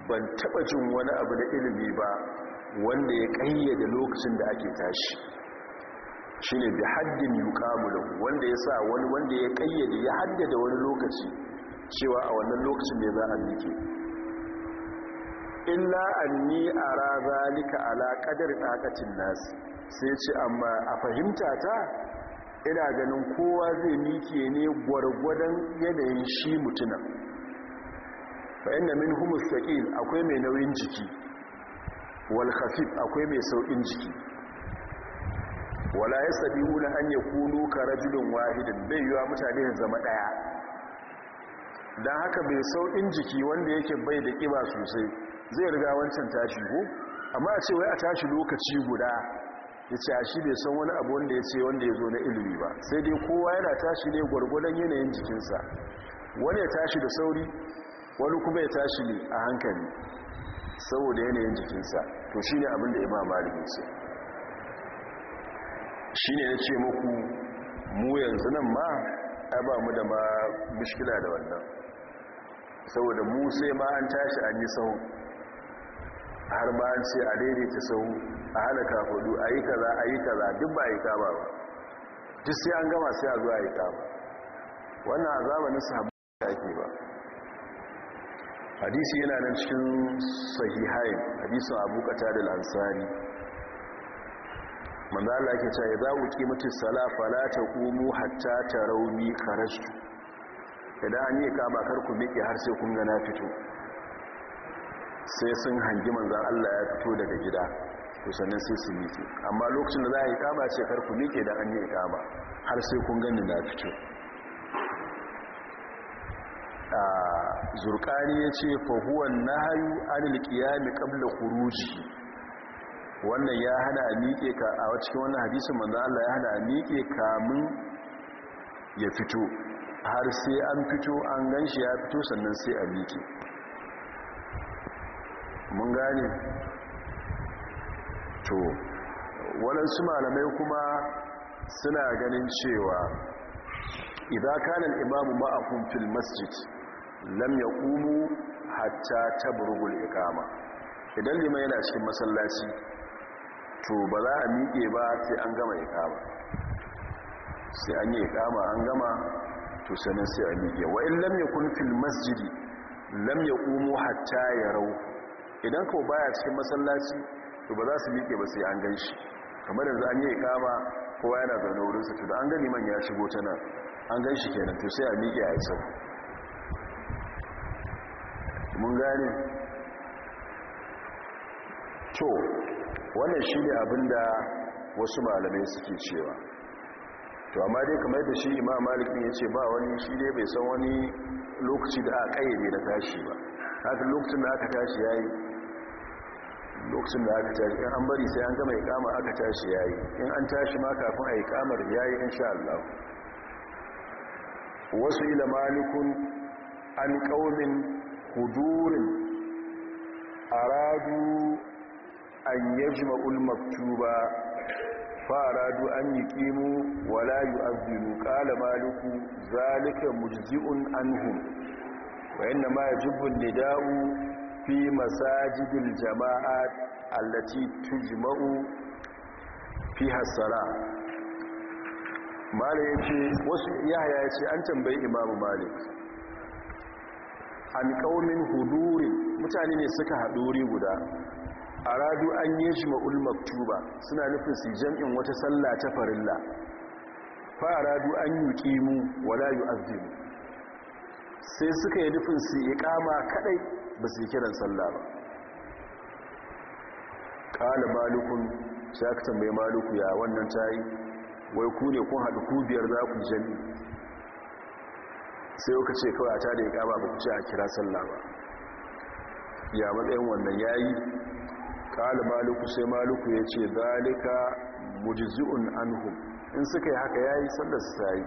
ban taba jin wani abu da ilimi ba wanda ya kayyade lokacin da ake tashi shine bi haddin yuqamu lahu wanda ya sa wani wanda ya kayyade ya haddada wani lokaci cewa a wannan lokacin ne za a miƙe illa anni ara zalika ala qadar taqatin nas sai ce amma a fahimta ta ina ganin kowa zai miƙe ne gwargwadon yanayin shi mutunan fa min humus mustaqil akwai mai nauyin jiki Walhafif akwai mai sauƙin jiki wala wuna hanyar kunu ka rajulun wahidin bai yiwa mutane da zama ɗaya. Don haka mai sauƙin jiki wanda yake bai da ƙiba sosai zai riga wancan tashi ko amma a ce wai a tashi lokaci guda ya ce a shi bai san wani abu wanda ya ce wanda ya zo na ilimi ba sai dai kowa yana tashi ne gwargwadon yanayin jikinsa wani ya tashi da sauri wani kuma ya tashi a hankali saboda yanayin jikinsa to shi ne abinda imam malik ya ce shi ne ya ce muku mu yanzu nan ma a ba mu da ma mishkila da wannan saboda mu sai ma an tashi an yi sau har ma an ce a daidaita sau a hana kafaɗu a yi kaza a yi kaza duk ba a yi kama ba duk sai an gama sai a zuwa a yi kama wannan a zamanin da ake ba hadisi yana nan cikin sahihain hadisin abokata da lansari manzala ke cewa za ku kimata sala fala ta qumu hatta rauni kharajtu idan an yi kama kar ku miƙe har sai kun ga na fito sai sun hangi manzan Allah ya fito daga gida to sannan sai su miƙe amma lokacin da za a yi kama ce kar ku miƙe da an yi kama har sai kun gani na fito a zurkani ya ce fahuwan na hayu anil kiyami kabla kuruji wannan ya hana a miƙe ka a cikin wannan hadisun manzan Allah ya hana a miƙe kamun ya fito har sai an fito an gan shi ya fito sannan sai a miƙe mun gane to waɗansu malamai kuma suna ganin cewa idan kanin imamu ma'akun fil masjid lam ya ƙumu hatta ta burgul ikama idan liman yana cikin masallaci to ba za a miƙe ba sai an gama ikama sai an yi ikama an gama to sanin sai a miƙe wa in lam ya kunfil masjidi lam ya ƙumu hatta ya rau idan kawo baya cikin masallaci to ba za su miƙe ba sai an gan shi kamar yanzu an yi ikama kowa yana zaune wurinsa to da an gani man ya shigo ta nan an gan shi kenan to sai a miƙe a yi sau mun gane to wannan shi ne abinda wasu malamai suke cewa to amma dai kamar da shi imam malik ne ya ce ba wani shi dai bai san wani lokaci da aka kayyade da tashi ba haka lokacin da aka tashi ya yi lokacin da aka tashi in an bari sai an gama ikama aka tashi ya yi in an tashi ma kafin a ikamar ya yi sha Allah wasu ila malikun an ƙaunin. hudurin aradu an yajma ulmaktuba fa aradu an yi wa wala yu'adhibu ƙala maluku, zalika mujzi'un anhum wa inna ma yajibu nida'u fi masajidil jama'a, allati tujma'u fi hasara. salat ya ce wasu yahya ce an tambayi imamu malik an qaumin huduri mutane ne suka haɗu wuri guda aradu an yi shi ma'ul maktuba suna nufin su jam'in wata sallah ta farilla fa aradu an yi yuqimu wala yu'azzimu sai suka yi nufin su yi ƙama kaɗai ba su yi kiran sallah ba ƙala malukun sai mai maluku ya wannan tayi wai ku ne kun haɗu ku biyar za ku jami'i sai yau ce kawai a ta da ya kama ba ku ce a kira sallah ba ya matsayin wannan ya yi kala maluku sai maluku ya ce zalika mujizu'un anhu? in suka yi haka ya yi sallar su ta yi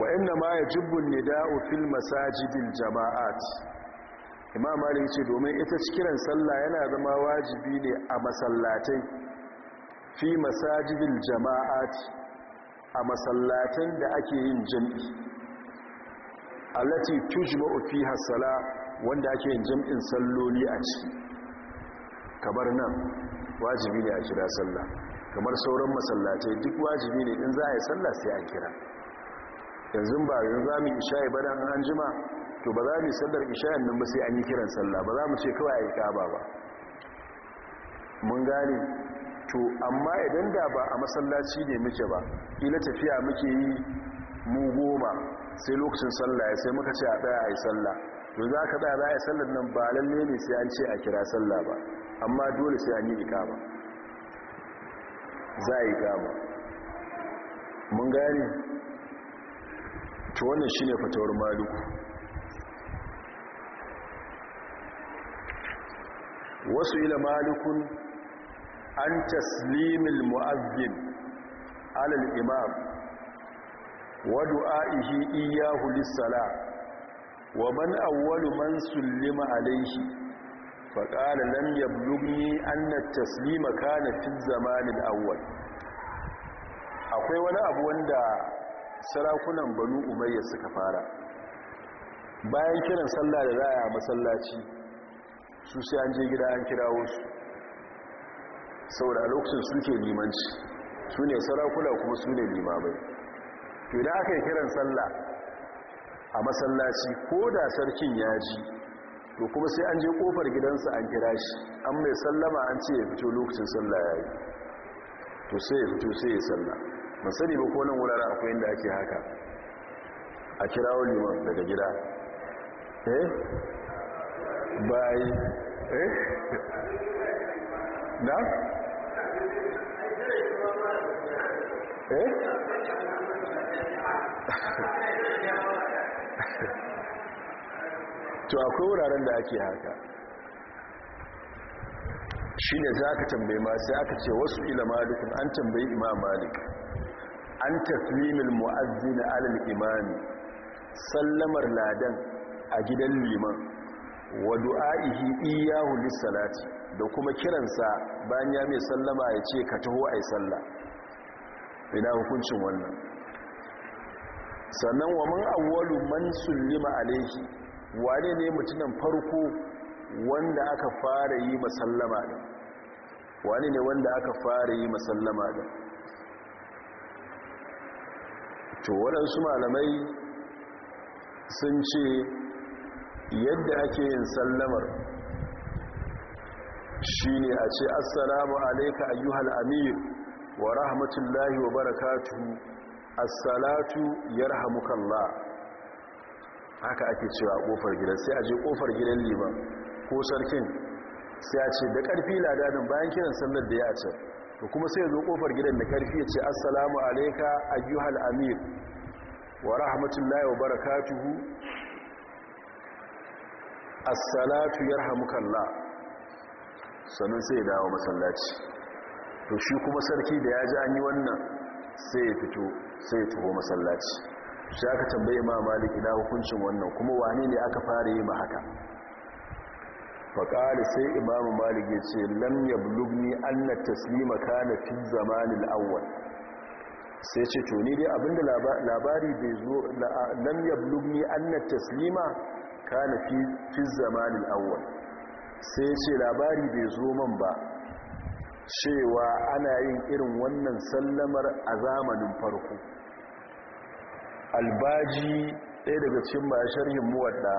wa inna ma ya jibbun nida'u fil masajidil jama'at imam malik ce domin ita cikiran sallah yana zama wajibi ne a masallatai fi masajidil jama'at a masallatan da ake yin jam'i allati tujma fi hasala wanda ake yin jami'in salloli a ciki kamar nan wajibi ne a kira sallah kamar sauran masallatai duk wajibi ne in za a yi sallah sai a kira yanzu ba yanzu za mu isha ba an jima to ba za mu sallar isha nan ba sai an yi kiran sallah ba za mu ce kawai a yi kaba ba mun gane to amma idan da ba a masallaci ne muke ba ila tafiya muke yi mu goma sai lokacin sallah ya sai muka ce a daya a sallah to za ka daya a yi sallah nan ba lalle ne sai an ce a kira sallah ba amma dole sai an yi ikama za a yi ikama mun gane to wannan shine fatawar maluku wasu ila malikun an taslimil mu'azzin alal imam wa du'a'ihi iyyahu lis-sala wa man awwalu man sullima alayhi fa qala lam yablughni anna at-taslima kana fi zamanil awwal akwai wani abu wanda sarakunan banu umayya suka fara bayan kiran sallah da za a masallaci su sai an je gida an kirawo su saboda a lokacin suke limanci su ne sarakuna kuma su ne limamai to da aka yi kiran sallah a masallaci ko da sarkin ya ji to kuma sai an je kofar gidansa an kira shi an mai sallama an ce ya fito lokacin sallah ya yi to sai ya fito sai ya sallah masani ba ko wurare akwai inda ake haka a kirawo liman daga gida eh bayi eh na? Eh? to akwai wuraren da ake haka shi ne za ka tambaye ma sai aka ce wasu ila malikin an tambayi imam malik an taslimin mu'azzi na alal imani sallamar ladan a gidan liman wa du'a'ihi iyahu lis-salati da kuma kiransa bayan ya mai sallama ya ce ka taho ai sallah ina hukuncin wannan sannan wa man awwalu man sullima alayhi wane ne mutumin farko wanda aka fara yi masallama da? wane ne wanda aka fara yi masallama da? to waɗansu malamai sun ce yadda ake yin sallamar shi ne a ce assalamu alaika ayyuhal amir wa rahmatullahi wa barakatuhu assalatu yarhamukallah haka ake cewa a kofar gidan sai a je kofar gidan liman ko sarkin sai a ce da karfi ladanin bayan kiran sannan da ya ce to kuma sai ya zo kofar gidan da karfi ya ce assalamu alaika ayyuhal amir wa rahmatullahi wa barakatuhu assalatu yarhamukallah sannan sai ya dawo masallaci to shi kuma sarki da ya ji an yi wannan sai ya fito sai ya taho masallaci shi aka tambaye ma malik ina hukuncin wannan kuma wane ne aka fara yi ma haka faƙari sai imamu malik ya ce lam ya bulugni anna taslima kana fi zamanin awwal sai ce to ni dai abinda labari bai zo lam ya bulugni anna taslima kana fi zamanin awwal sai ce labari bai zo man ba cewa ana yin irin wannan sallamar a zamanin farko albaji ɗaya daga cikin basharhin muwadda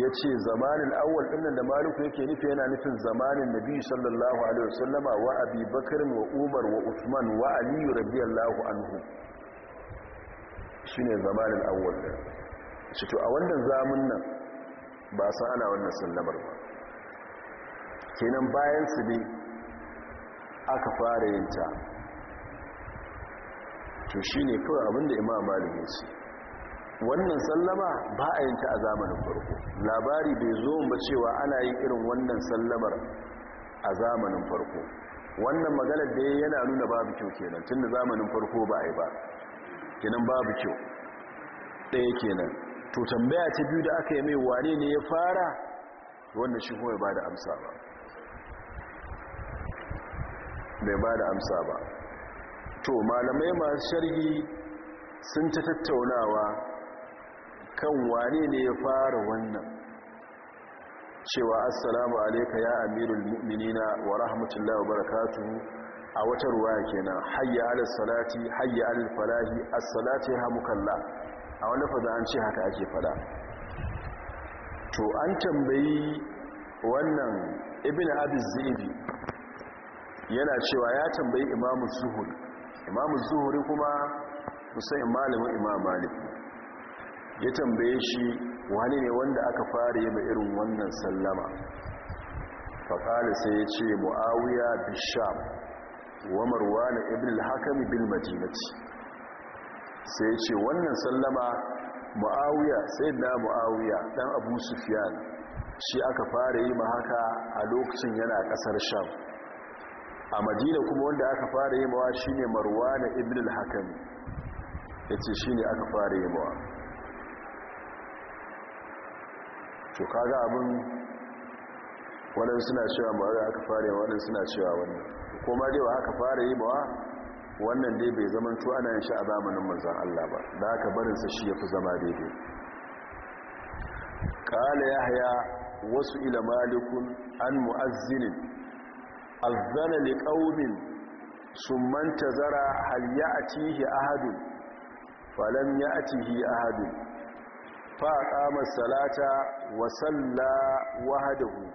ya ce zamanin awwal ɗinnan da maluku yake nufi yana nufin zamanin nabi sallallahu alaihi wasallama wa abi bakar wa umar wa usman wa aliyu radiyallahu anhu ne zamanin awwal ɗin ci to a wannan zamun nan ba su ana wannan sallamar ba kenan bayan su ne aka fara yin ta to shi ne kawai abinda imam malumin su. wannan sallama ba a yin ta a zamanin farko labari bai zo ba cewa ana yi irin wannan sallamar a zamanin farko wannan maganar da yana nuna babu kyau kenan tunda zamanin farko ba a yi ba kenan babu kyau ɗaya kenan to tambaya ta biyu da aka yi mai wane ne ya fara wanda shi kuma ba da amsa ba bai ba da amsa ba to malamai masu sharhi sun ta tattaunawa kan wane ne ya fara wannan cewa assalamu alaika ya amirul mu'minina wa rahmatullahi wa barakatu, a wata ruwa kenan hayya ala salati hayya ala falahi as-salati kalla. a wani fada an ce haka ake fada to an tambayi wannan ibn abis zaibi yana cewa ya tambayi imamu zuhuri imamu zuhuri kuma musayin malamin imamu malik ya tambaye shi wani ne wanda aka fara yi irin wannan sallama faƙali sai ya ce mu'awiya bisham wa marwana ibn al-hakami bil majinati sai ya ce wannan sallama ma'awuyar sai na ma'awuyar dan abu sufiyan shi aka fara yi ma haka a lokacin yana kasar sham a madina kuma wanda aka fara yi mawa shi ne na ibn al hakan ya ce shi ne aka fara yi mawa to ga abin wadansu suna cewa ma'awuyar aka fara yi waɗansu suna cewa wannan kuma dai aka fara yi mawa wannan dai bai zama to ana yin shi a zamanin manzan Allah ba da aka sa shi ya fi zama daidai ƙala ya wasu ila malikun an mu'azzinin azzana li ƙaunin sun manta zara hal ya a tihi ahadun falam ya a tihi ahadun fa ƙamar salata wa salla wahadahu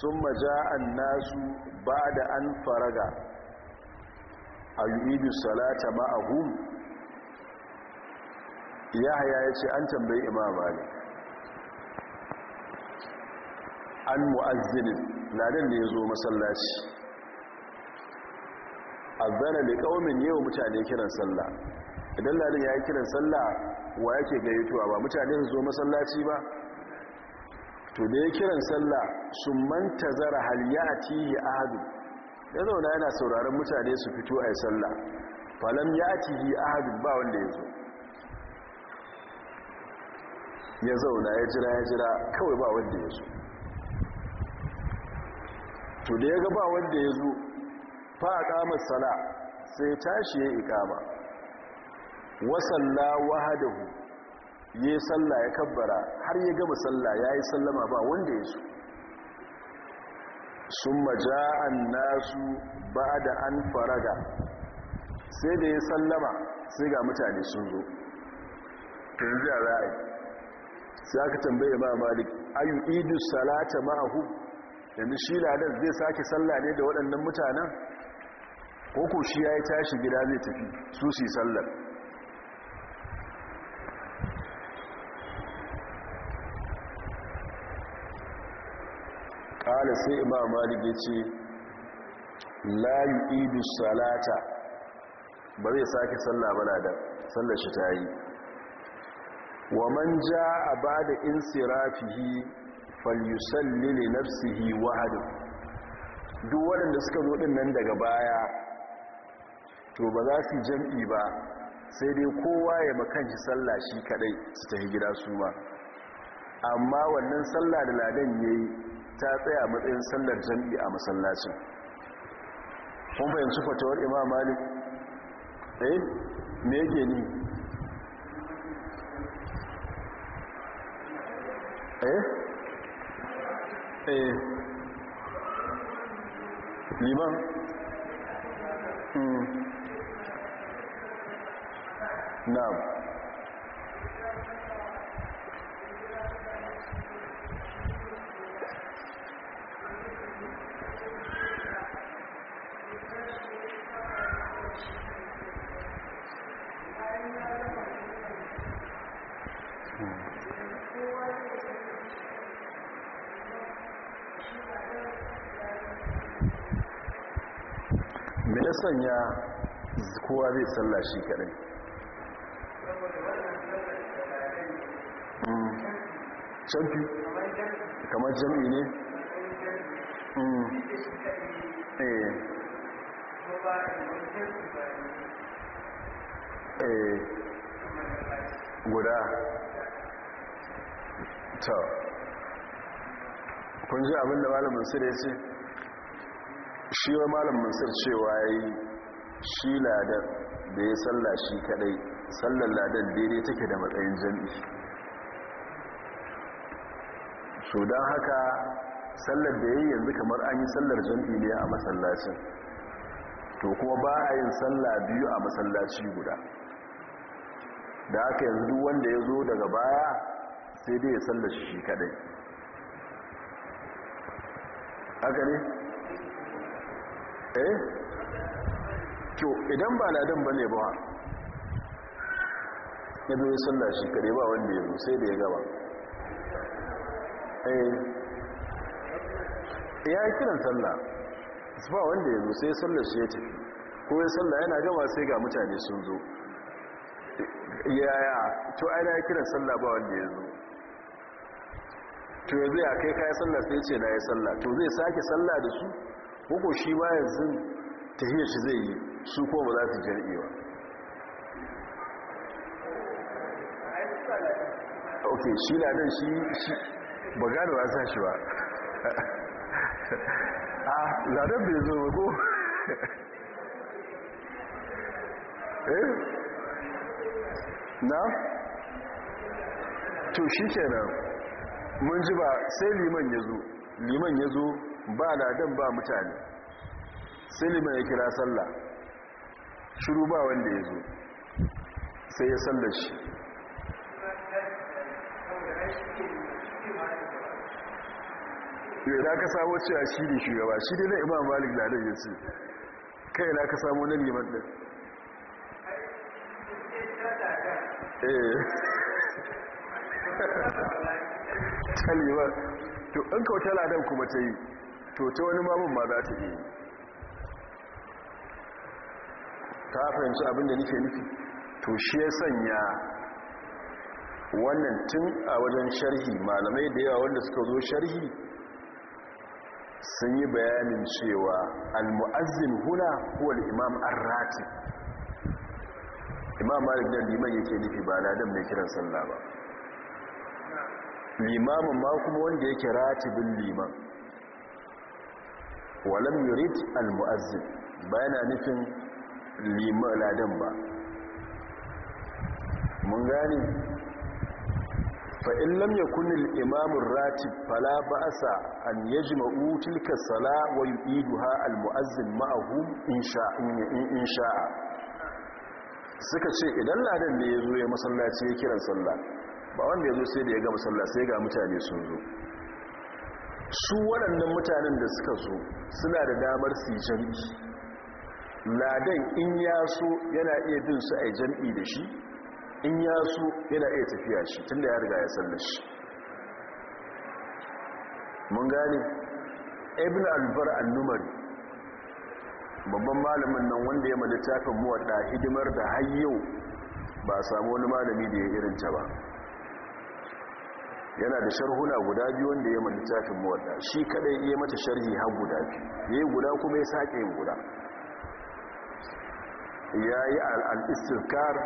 sun maja an nasu ba da an faraga a yu'idu salata ma'ahum yahaya ya ce an tambayi imama ne an mu'azzinin ladan da ya zo masallaci azzana da kaumin yau mutane kiran sallah idan ladan ya yi kiran sallah wa yake gayyatuwa ba mutane su zo masallaci ba to da ya kiran sallah sun manta zara hal ya tihi ya zauna yana sauraron mutane su fito a yi sallah falam ya a ahadin ba wanda ya zo ya zauna ya jira ya jira kawai ba wanda ya zo to da ya ga ba wanda ya zo fa a kamar sala sai tashi ya ikama na wahadahu ya yi salla ya kabbara har ya gama salla ya yi sallama ba wanda ya zo sun maja'an nasu ba da an faraga sai da ya sallama sai ga mutane sun zo yanzu a ra'ayi sai aka tambaye ma malik ayu idu salata ma'ahu yanzu shi ladar zai sake salla ne da waɗannan mutanen ko ko shi ya yi tashi gida zai tafi su su yi sallar ƙala sai imam malik ya ce la yu'idu salata ba zai sake sallah ba da sallar shi ta wa man ja'a ba'da insirafihi falyusalli li nafsihi wahdahu duk waɗanda suka zo din nan daga baya to ba za su jam'i ba sai dai kowa ya makanci sallah shi kadai su tafi gida su ba amma wannan sallah da ladan yayi ta tsaya a matsayin sallar jam'i a masallacin kun fahimci fatawar imam malik eh me yake ni eh, eh. liman hmm. Na. sanya kowa zai tsalla shi kadai mm. canfi kamar jam'i ne mm. eh. Eh. guda ta kunji abinda malamin su da ya ce shi wa malam masar cewa yi shi ladar da ya salla shi kadai sallar ladar daidai take da matsayin jami'i so don haka sallar da ya yi yanzu kamar an yi sallar jami'i ne a masallacin to kuma ba a yin salla biyu a masallaci guda da haka yanzu duk wanda ya zo daga baya sai dai ya sallar shi kadai haka ne eh to idan ba ladan bane ba ya zo ya sallah shi kare ba wanda ya zo sai da ya gaba eh ya yi kiran sallah ba wanda ya zo sai sallah shi ya tafi ko ya sallah yana gaba sai ga mutane sun zo yaya to aina ya kiran sallah ba wanda ya zo to yanzu ya kai kayan sallah sai ce na ya sallah to zai sake sallah da su ko shi ba yanzu tahiyar shi zai yi su ko ba za su jari'i ba ok shi na nan shi ba gane ba sa shi ba a ah, zanen bai zo ba ko eh na to shi kenan mun ji ba sai liman ya zo liman ya zo ba ladan ba mutane sai silima ya kira sallah shiru ba wanda ya zo sai ya sallar shi ya za ka samu cewa shi ne shugaba shi ne na imam malik ladan ya ce kai na ka samu na liman ɗin eh. ta liman to in ta ladan kuma ta yi to ta wani babin ma za ta yi ta fahimci abinda nike nufi to shi ya sanya wannan tun a wajen sharhi malamai da yawa wanda suka zo sharhi sun yi bayanin cewa al-mu'azzin huna huwa al-imam ar-rati imam malik dan liman yake nufi ba ladan mai kiran sallah ba limamin ma kuma wanda yake ratibin liman walam yurid al-mu'azzin ba yana nufin limaladan ba mun gani in lam ya imam imamun ratib fala ba'sa an yajma'u tilka ma'utul wa yu'iduha al-mu'azzin ma'ahu in sha'a suka ce idan ladan da yazo ya masallaci ya kiran sallah ba wanda ya sai da ya ga masallaci sai ga mutane sun zo su waɗannan mutanen da suka so suna da damar su yi jam'i ladan in ya so yana iya bin su a yi jam'i da shi in ya so yana iya tafiya shi tun da ya riga ya sallar shi mun gane ibn albar al-numari babban malamin nan wanda ya mada tafin muwaɗa, hidimar da har yau ba samu wani malami da ya irinta ba yana da sharhuna guda biyu wanda ya mallita tafin muwadda shi kadai iya mata sharhi har guda biyu yayi guda kuma ya sake yin guda yayi al-istirkar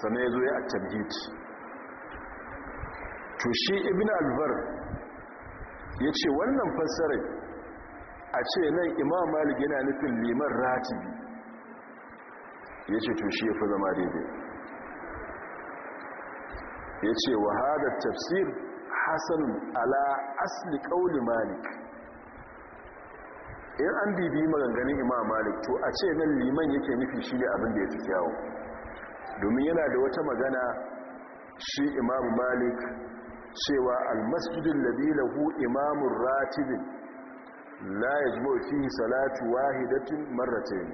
sannan yazo ya at to shi ibn albar yace wannan fassarar a ce nan imam malik yana nufin liman ratibi yace to shi yafi zama daidai yace wa hada tafsir hasanun ala asli ƙauli malik in an bibi maganganun imam malik to a ce nan liman yake nufi shi ne abin da ya fi kyawo domin yana da wata magana shi imam malik cewa almasjidin labilahu imamun ratibin la ya jimo fi salatu wahidatin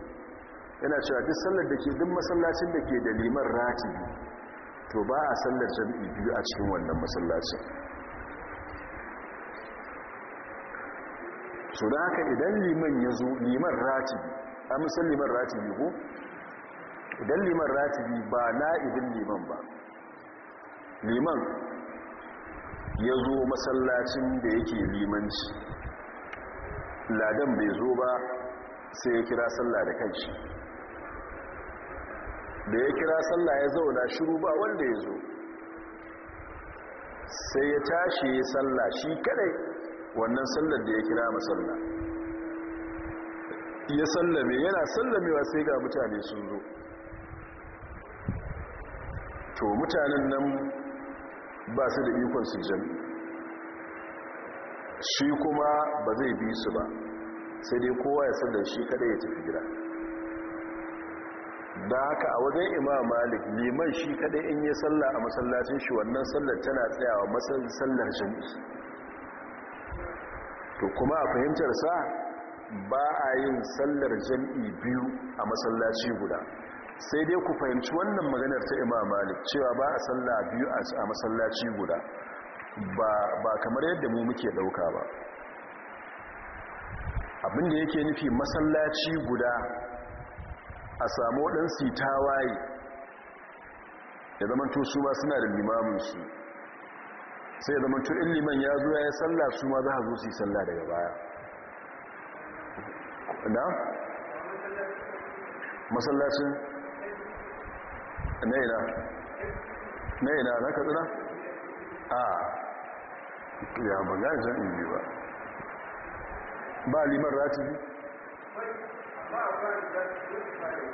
yana cewa duk sallar da ke duk masallacin da ke da liman ratibi to ba a sallar jam'i biyu a cikin wannan masallacin to da haka idan liman ya zo liman ratibi a musan liman ratibi ko idan liman ratibi ba na na'ibin liman ba liman ya zo masallacin da yake limanci ladan bai zo ba sai ya kira sallah da kanshi da ya kira sallah ya zauna shiru ba wanda ya zo sai ya tashi ya sallah shi kadai wannan sallar da ya kira masalla ya sallame yana sallamewa sai ga mutane sun zo to mutanen nan ba su da ikon su jami shi kuma ba zai bi su ba sai dai kowa ya sallar shi kada ya tafi gida da haka a wajen imam malik liman shi kada in yi salla a masallacin shi wannan sallar tana tsayawa masallar jami'i to kuma a fahimtar sa ba a yin sallar jam'i biyu a masallaci guda sai dai ku fahimci wannan maganar ta imam malik cewa ba a salla biyu a masallaci guda ba kamar yadda mu muke dauka ba abinda yake nufi masallaci guda a samu waɗansu tawaye ya zama to su ba suna da limaminsu sai da mutu in liman ya zo ya yi sallah su ma za a zo su yi sallah daga baya na? masallacin na ina na ina na katsina? a ya ba zan inji ba ba liman ratibi?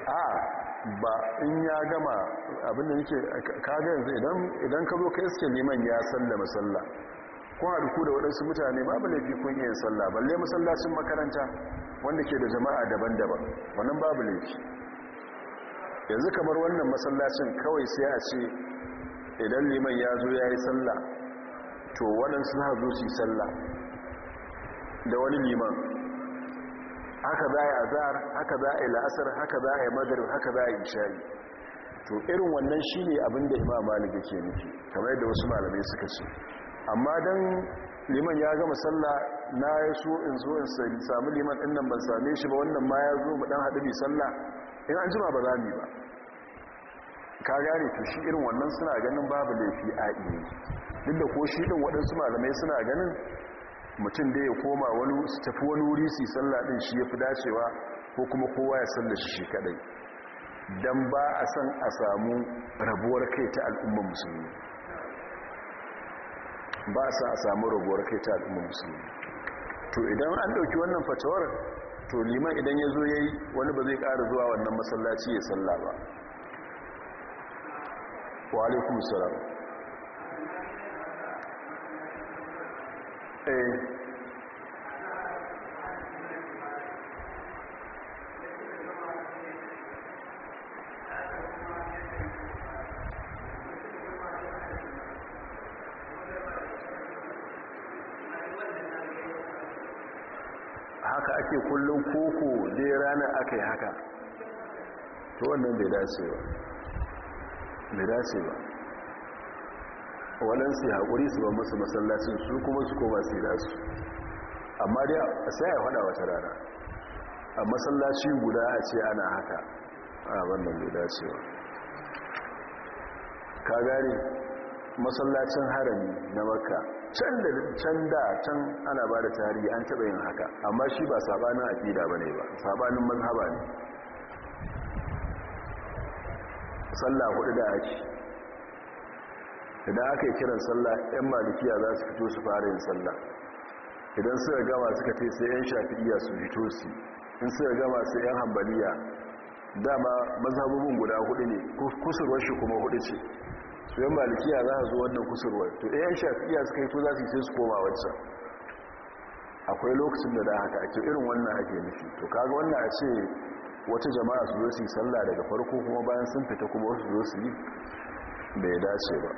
a ba in ya gama abinda yake kaga yanzu idan ka zo ka iske liman ya sallama sallah kun haɗu ku da waɗansu mutane babu laifi kun iya sallah balle masallacin makaranta wanda ke da jama'a daban-daban wannan babu laifi yanzu kamar wannan masallacin kawai sai a ce idan liman ya zo ya yi sallah to waɗansu na zo su yi sallah da wani liman haka za a yi azahar haka za a yi la'asar haka za a yi madar haka za a yi ishari to irin wannan shi ne abinda imam malik yake nufi kamar yadda wasu malamai suka ce amma don liman ya gama sallah na ya so in zo in sami liman ɗin nan ban same shi ba wannan ma ya zo mu ɗan haɗu bi sallah in an jima ba za mu ba ka gane to shi irin wannan suna ganin babu laifi a iya duk da ko shi ɗin waɗansu malamai suna ganin mutum da ya koma wani su tafi wani wuri su yi sallah ɗin shi ya fi dacewa ko kuma kowa ya sallar shi kadai kaɗai don ba a san a samu rabuwar kai ta al'ummar musulmi ba a san a samu rabuwar kai ta al'ummar musulmi to idan an ɗauki wannan fatawar to liman idan ya zo ya yi wani ba zai ƙara zuwa wannan masallaci ya salla ba wa alaikum salam to wannan bai dace ba bai dace ba Wannan sai haƙuri su ba masu masallacin su kuma su koma su dasu amma dai sai ya faɗa wata rana a masallaci guda a ce ana haka a wannan bai dace ba ka gane masallacin harami na makka can da can da can ana ba da tarihi an taɓa yin haka amma shi ba sabanin aƙida ba ne ba sabanin mazhaba ne sallah hudu da ake idan aka yi kiran sallah yan malikiya za su fito su fara yin sallah idan suka gama suka ce sai yan shafi'iya su fito su in suka gama sai yan hambaliya dama mazhabubin guda hudu ne kusurwar shi kuma hudu ce su yan malikiya za su zo wannan kusurwar to yan shafi'iya suka yi to za su yi su koma wancan akwai lokacin da da haka ake irin wannan ake nufi to kaga wannan a ce wata jama'a su zo su yi sallah daga farko kuma bayan sun fita kuma wasu zo su yi bai dace ba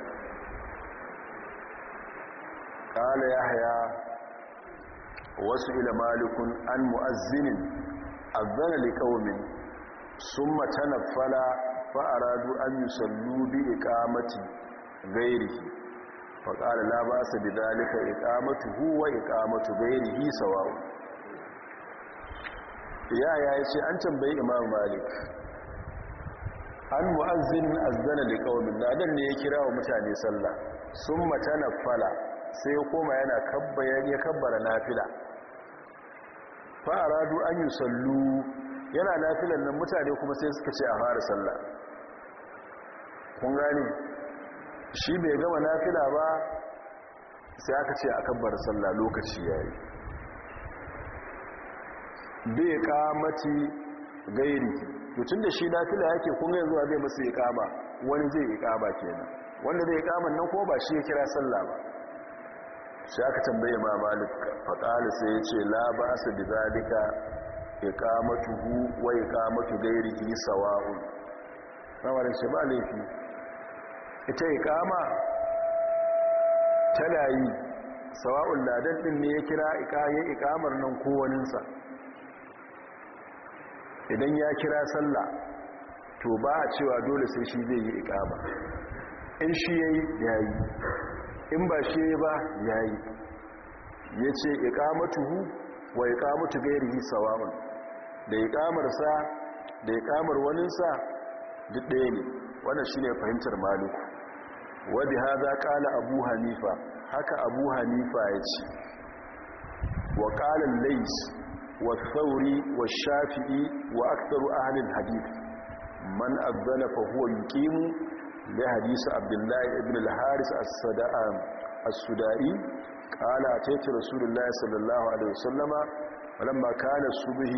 ƙala ya haya wasu ila an mu'azzinin azana liƙaumin sun mata na fala fa'aradu an yi sallu bi ikamati gairihi ƙala labasa bi dalika ikamatu huwa ikamatu gairihi sawa'u yaya ya ce an tambayi imam malik an mu'azzin azzana da kawabin ladan ne ya kira wa mutane sallah sun mata na fala sai ya koma yana ya kabbara nafila fa'aradu an yi sallu yana nafilan nan mutane kuma sai suka ce a fara sallah kun gani shi bai gama nafila ba sai aka ce a kabbara sallah lokaci yayi bai kamati gairi tutun da shi nafila yake kun yanzu a zai ya kama wani zai ikama kenan wanda zai kama nan ko ba shi ya kira sallah ba shi aka tambaye ma malik faqala sai ya ce la ba su bi zalika tuhu wa tu gairi ki Sawa'u sawa'un shi ba laifi ita kama tana yi sawa'un ladan din ne ya kira ya ikamar nan kowaninsa idan ya kira sallah to ba a cewa dole sai shi zai yi ikaba in shi ya yi ya yi in ba shi ya ba ya yi ya ce ikamatuhu wa ikamatu gairihi sawamun da sa da ikamar sa duk ɗaya ne wannan shine fahimtar maluku wadda ha za ƙala abu hanifa haka abu hanifa ya ce wa ƙalin lais والثوري والشافعي وأكثر أهل الحديث من أذن فهو يقيم لحديث عبد الله بن الحارس السدائي قال أتيت رسول الله صلى الله عليه وسلم ولما كان الصبح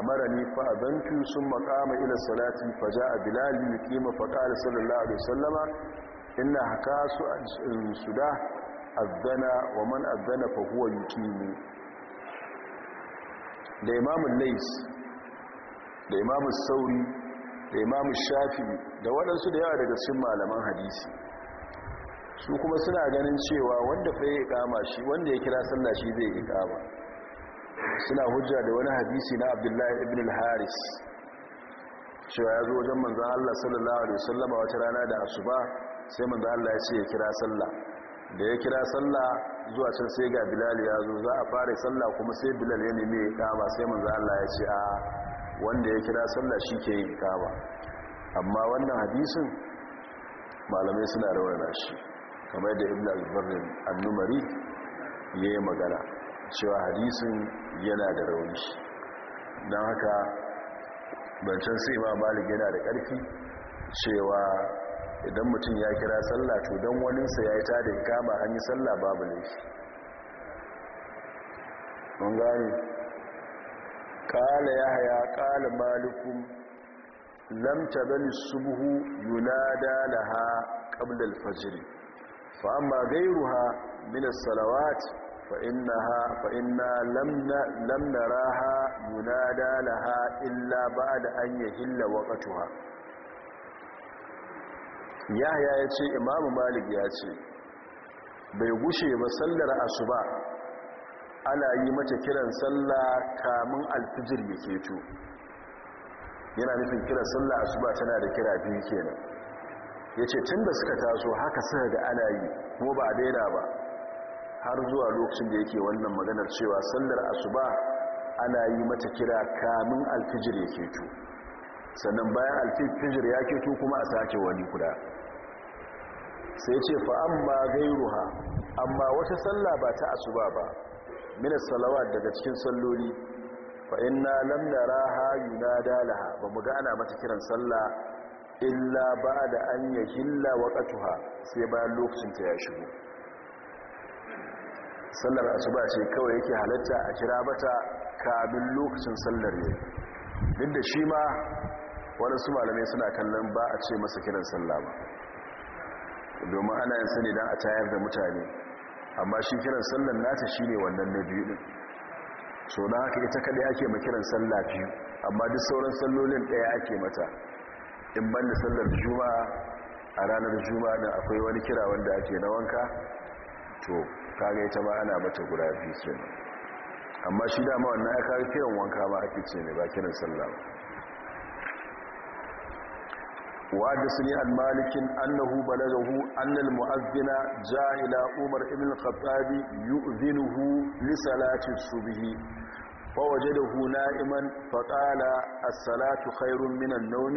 أمرني فأذنت ثم قام إلى الصلاة فجاء بلال يقيم فقال صلى الله عليه وسلم إن حكاس سداه أذن ومن أذن فهو يقيم da imamun lais da imamun sauri da imamun shafi da waɗansu da yawa daga cikin malaman hadisi su kuma suna ganin cewa wanda fa ya kama shi wanda ya kira sallah shi zai yi kama suna hujja da wani hadisi na abdullahi ibn al-haris cewa ya zo wajen manzan allah sallallahu alaihi wasallama wata rana da asuba sai manzan allah ya ce ya kira sallah da ya kira sallah zuwa can sai ga bilal ya zo za a fara sallah kuma sai bilal ya nemi ya kama sai manzo Allah ya ce a wanda ya kira sallah shi ke yin kama amma wannan hadisin malamai suna na shi kamar da ibn al annumari ya yi magana cewa hadisin yana da rauni don haka bancan sai ma malik yana da karfi cewa idan mutum ya kira sallah to don waninsa ya yi tada kama an yi sallah babu laifi mun gani ƙala ya haya ƙala malikun lamta bani subuhu yunada laha ƙabla alfajiri fa'amma gairuha minas salawat فإنها فإنا لم laha, illa لها an بعد أن يهل وقتها Yahaya ya ce imamu malik ya ce bai gushe ba sallar asuba ana yi mata kiran sallah kamun alfijir ya tu. yana nufin kiran sallar asuba tana da kira biyu kenan ya ce tun da suka taso haka suna da ana yi kuma ba a daina ba har zuwa lokacin da yake wannan maganar cewa sallar asuba ana yi mata kira kamun alfijir ya ke tu, sannan bayan alfijir ya ke tu kuma a sake wani kuda sai ce fa'an ma gairuha amma wata sallah ba ta asuba ba minas salawat daga cikin salloli fa'in na lamdara ha na dalaha ba mu gana mata kiran sallah illa ba da an ya hilla waƙatuha sai bayan lokacinta ya shigo sallar asuba ce kawai yake halatta a kira mata kamin lokacin sallar ne duk da shi ma waɗansu malamai suna kallon ba a ce masa kiran sallah ba domin ana yin sani don a tayar da mutane amma shi kiran sallan nata shi ne wannan na biyu ɗin so don haka ita kaɗai ake ma kiran salla biyu amma duk sauran sallolin ɗaya ake mata in ban da sallar juma'a a ranar juma'a da akwai wani kira wanda ake na wanka to kaga ita ma ana mata guda biyu ce amma shi dama wannan ya kawo kiran wanka ma ake ce ne ba kiran sallah وحدثني عن مالك أنه بلغه أن المؤذن جاء إلى عمر بن الخطاب يؤذنه لصلاة الصبح فوجده نائما فقال الصلاة خير من النوم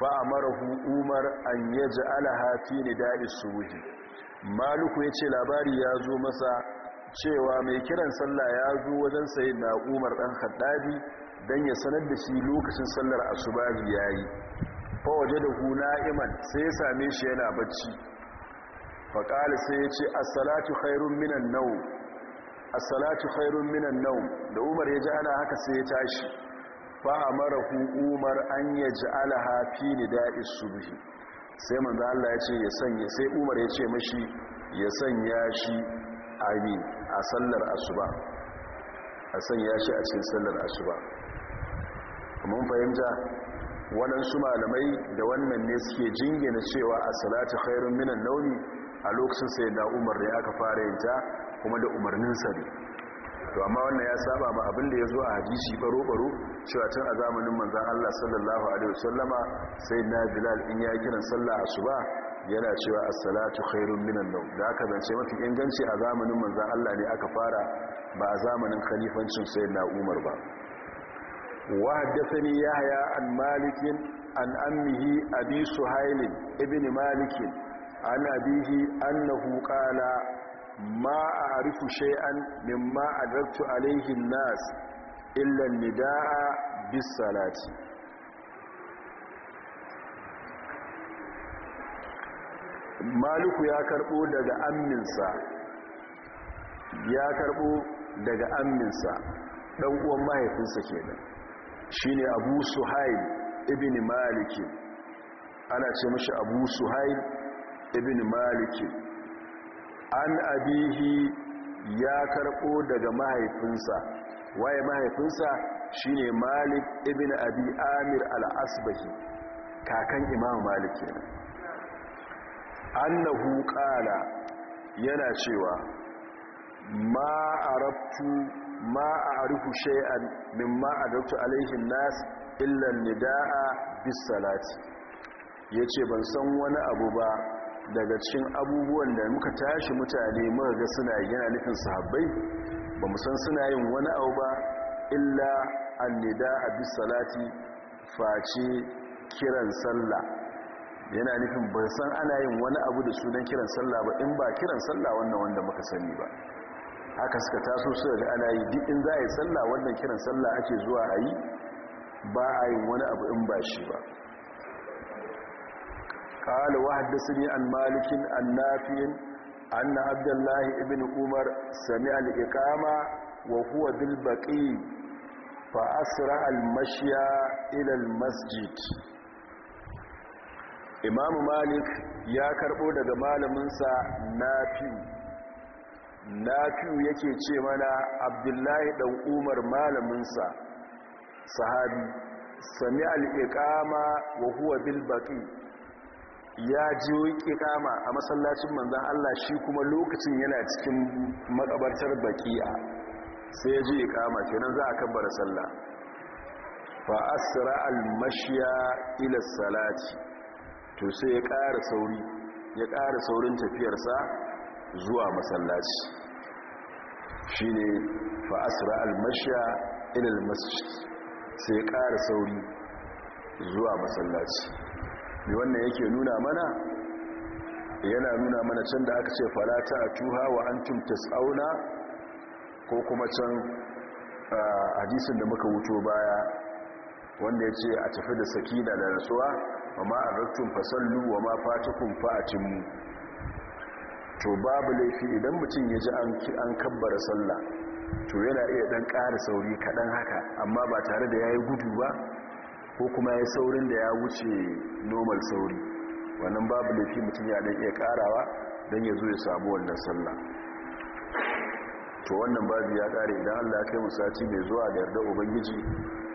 فأمره عمر أن يجعلها في نداء الصبح مالك يتي لباري يازو مسا cewa mai kiran sallah ya zo wajen sayi na umar ɗan haɗabi don ya sanar da shi lokacin sallar asubahi ya yi fawaje da hu na'iman sai ya same shi yana bacci faƙali sai ya ce assalatu khairun minan nau assalatu khairun minan nau da umar ya ji ana haka sai ya tashi fa amara hu umar an ya ji alaha fi da'i subhi sai manzo Allah ya ce ya sanya sai umar ya ce mashi ya sanya shi amin a sallar asuba a sanya shi a cikin sallar asuba mun fahimta waɗansu malamai da wannan ne suke jingina cewa a salatu khairun minan nauni a lokacin sai da umar da aka fara yin ta kuma da umarninsa ne to amma wannan ya saba ma abin da ya zo a hadisi baro-baro cewa tun a zamanin manzon Allah sallallahu alaihi wasallama sai na bilal in ya kiran sallah asuba yana cewa as-salatu khairun minan nawm da aka zance mafi inganci a zamanin manzon Allah ne aka fara ba a zamanin khalifancin sayyidina Umar ba وحدثني يحيى عن مالك عن أمه أبي سهيل ابن مالك عن أبيه أنه قال ما أعرف شيئا مما أدركت عليه الناس إلا النداء بالصلاة maliku ya karbo daga amminsa ya karbo daga amminsa dan uwan mahaifinsa kenan shine abu suhail ibn maliki ana ce mashi abu suhail ibn maliki an abihi ya karɓo daga mahaifinsa waye mahaifinsa shine malik ibn abi amir al-asbahi kakan imam maliki annahu qala yana cewa ma arabtu ma a'rifu shay'an a adabtu alaihin nas illan nidaa bisalati, salati yace ban san wani abu ba daga cikin abubuwan da muka tashi mutane muka ga suna yana nufin sahabbai ba mu san suna yin wani abu ba illa annida'a bis salati face kiran sallah yana nufin ban san ana yin wani abu da sunan kiran sallah ba in ba kiran sallah wannan wanda muka sani ba aka suka taso su da ana yi dikin za a yi tsalla wannan kiran tsalla ake zuwa ayi, ba a yi wani abu in ba shi ba ƙala wa haddasa ne an malikin an abdullahi ibn umar Samial al’iƙama Wahuwa huwa dilbaƙi fa asira ilal masjid imamu malik ya karɓo daga malaminsa Nafi. nafi'u yake ce mana abdullahi ɗan umar malaminsa sahabi sami al'iƙama wa huwa bilbaƙi ya ya yi ƙiƙama a masallacin manzan Allah shi kuma lokacin yana cikin makabartar baƙi'a sai ya ji iƙama kenan za a kabbara sallah fa asra al mashiya ila salati to sai ya ƙara saurin tafiyarsa zuwa masallaci shi ne fa'asra almashiya ilil masjid sai ƙara sauri zuwa masallaci mai wannan yake nuna mana yana nuna mana can da aka ce falata a tuha wa an tumtas auna ko kuma can hadisin da muka wuto baya wanda ya ce a tafi da sakina da rasuwa wa ma a raktun fasallu wa ma fatakun fa'atinmu to babu laifi idan mutum ya ji an kabbara sallah to yana iya dan ƙara sauri kaɗan haka amma ba tare da ya yi gudu ba ko kuma ya saurin da ya wuce normal sauri wannan babu laifi mutum ya dan iya ƙarawa don ya zo ya samu wannan sallah to wannan babu ya ƙare idan allah kai mu sati mai zuwa da yarda ubangiji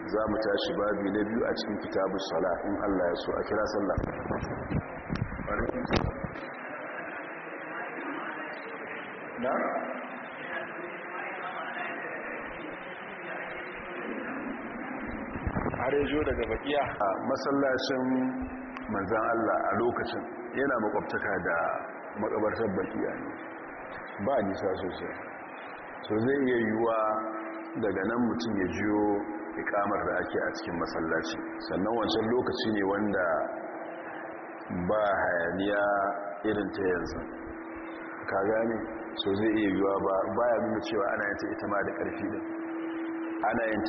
za mu tashi babu na biyu a cikin kitabun sala in allah ya so a kira sallah na har yajo daga bakiya a masallacin manzan Allah a lokacin yana makwabtaka da makabartar bakiya ne ba nisa sosai so zai iya yiwuwa daga nan mutum ya jiyo ikamar da ake a cikin masallaci sannan wancan lokaci ne wanda ba hayaniya irin ta yanzu ka gane so zai iya yiwuwa ba baya nuna cewa ana yin ita ma da ƙarfi din ana yin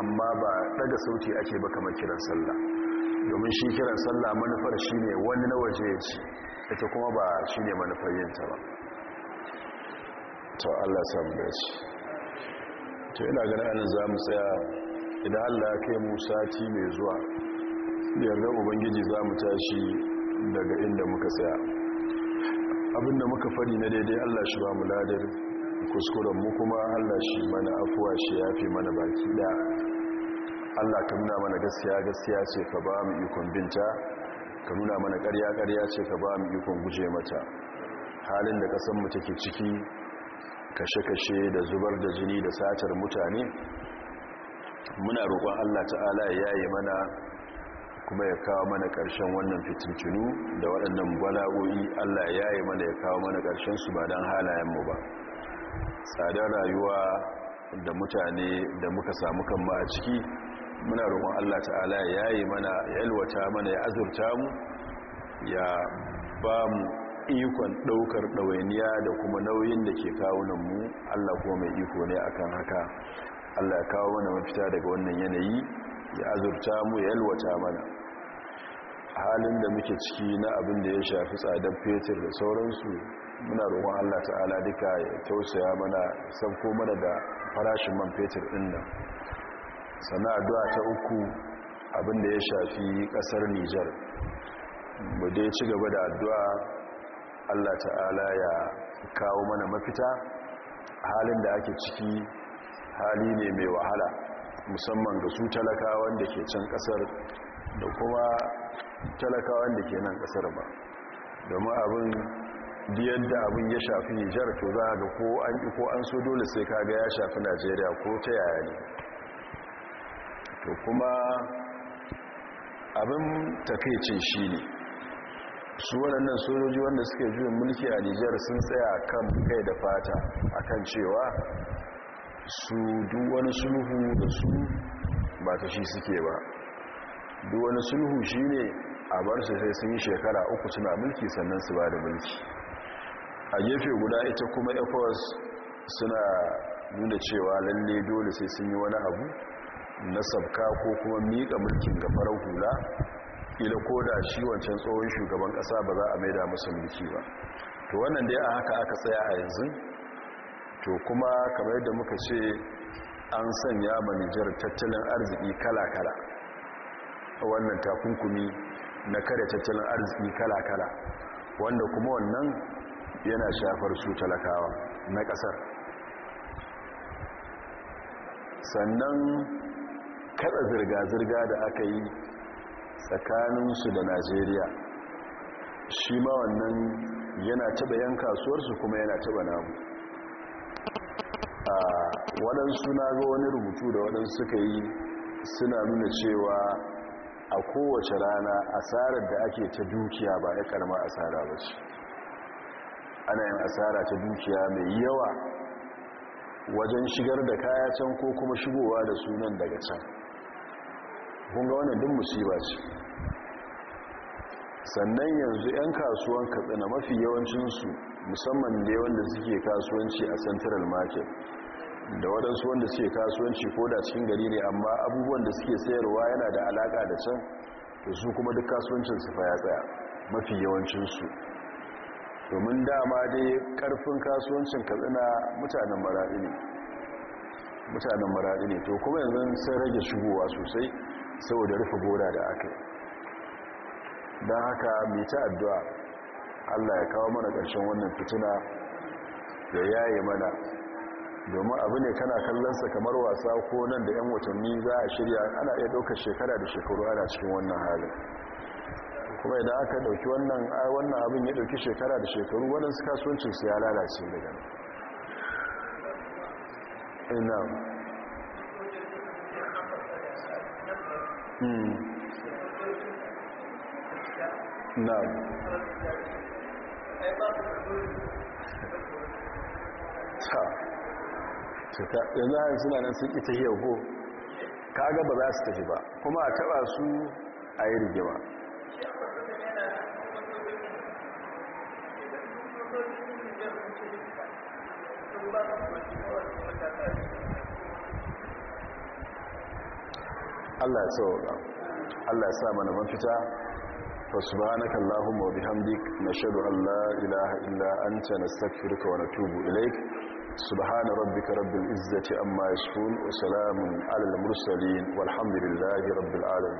amma ba daga sauti ake ba kamar kiran sallah domin shi kiran sallah manufar shi ne wani na waje ya ci ita kuma ba shi ne manufar yinta ba to Allah sam da shi to ina ganin anan za mu tsaya idan Allah ya kai mu sati mai zuwa da ubangiji za mu tashi daga inda muka tsaya abinda muka fari na daidai Allah shi ba mu ladar kuskuren mu kuma Allah shi mana afuwa shi fi mana baki da Allah ka nuna mana gaskiya gaskiya ce ka ba mu ikon binta ka nuna mana ƙarya ƙarya ce ka ba mu ikon guje mata halin da kasan mu take ciki kashe-kashe da zubar da jini da satar mutane muna roƙon Allah ta'ala ya yi mana kuma ya kawo mana ƙarshen wannan fitintunu da waɗannan gwalagoyi allah ya yi mana ya kawo mana ƙarshen su ba don halayenmu ba tsadar rayuwa da mutane da muka samu kan ma a ciki muna roƙon allah ta'ala ya yi mana ya yalwata mana ya azurta mu ya ba mu ikon ɗaukar ɗawainiya da kuma nauyin da ke kawunanmu allah kuma mai iko ne akan haka allah ya kawo mana mafita daga wannan yanayi ya azurta mu ya yalwata mana halin da muke ciki na abin da ya shafi tsadar fetur da sauransu muna roƙon Allah ta'ala duka ya tausaya mana ko mana da farashin man fetur ɗin nan sannan addu'a ta uku abin da ya shafi ƙasar Nijar mu dai ci gaba da addu'a Allah ta'ala ya kawo mana mafita halin da ake ciki hali ne mai wahala musamman ga su talakawan da ke can ƙasar da kuma talakawan da ke nan kasar ba domin abin da abin ya shafi nijar to za ga ko an so dole sai kaga ya shafi najeriya ko ta yaya ne to kuma abin ce shi ne su waɗannan sojoji wanda suke juyin mulki a nijar sun tsaya kan kai da fata akan cewa su duk wani sulhu da su ba ta shi suke ba duk wani sulhu shi ne a bar su sai sun yi shekara uku suna mulki sannan su ba da mulki a gefe guda ita kuma ecos suna nuna cewa lalle dole sai sun yi wani abu na sabka ko kuma miƙa mulkin ga farar hula ila ko da shi wancan tsohon shugaban ƙasa ba za a maida musu mulki ba to wannan dai a haka aka tsaya a yanzu to kuma kamar yadda muka ce an sanya manijar tattalin arziki kala-kala wannan takunkumi na kare tattalin arziki kala-kala wanda kuma wannan yana shafar su talakawa na ƙasar sannan kada zirga-zirga da aka yi tsakaninsu da najeriya shi ma wannan yana taba yan kasuwarsu kuma yana taba namu a waɗansu na ga wani rubutu da waɗansu suka yi suna nuna cewa a kowace rana asarar da ake ta dukiya ba ya karama asara ba ce ana yin asara ta dukiya mai yawa wajen shigar da kaya can ko kuma shigowa da sunan daga can kunga wannan duk musiba ce sannan yanzu 'yan kasuwan katsina mafi yawancinsu musamman da wanda suke kasuwanci a central market da waɗansu wanda suke kasuwanci ko da cikin gari ne amma abubuwan da suke sayarwa yana da alaƙa da can da su kuma duk kasuwancinsu fa ya tsaya mafi yawancinsu domin dama dai ƙarfin kasuwancin katsina mutanen maraɗi ne mutanen maraɗi ne to kuma yanzu sun rage shigowa sosai saboda rufe gora da aka yi don haka mai ta addu'a allah ya kawo mana ƙarshen wannan fitina da yaye mana domin abu ne kana kallonsa kamar wasa ko nan da 'yan watanni za a shirya ana iya ɗaukar shekara da shekaru ana cikin wannan halin kuma idan aka ɗauki wannan wannan abin ya ɗauki shekara da shekaru su kasuwanci su ya lalace daga ina hmm. na ta cuta yanzu hanyar suna nan sun ita hiyar ko kaga ba za su tafi ba kuma a taba su a yi rigima Allah ya Allah ya sa mana mafita fa subhanaka allahumma wa bihamdik nashhadu an la ilaha illa anta nastaghfiruka wa natubu ilai. سبحان ربك رب العزة أما يشفون وسلام على المرسلين والحمد لله رب العالمين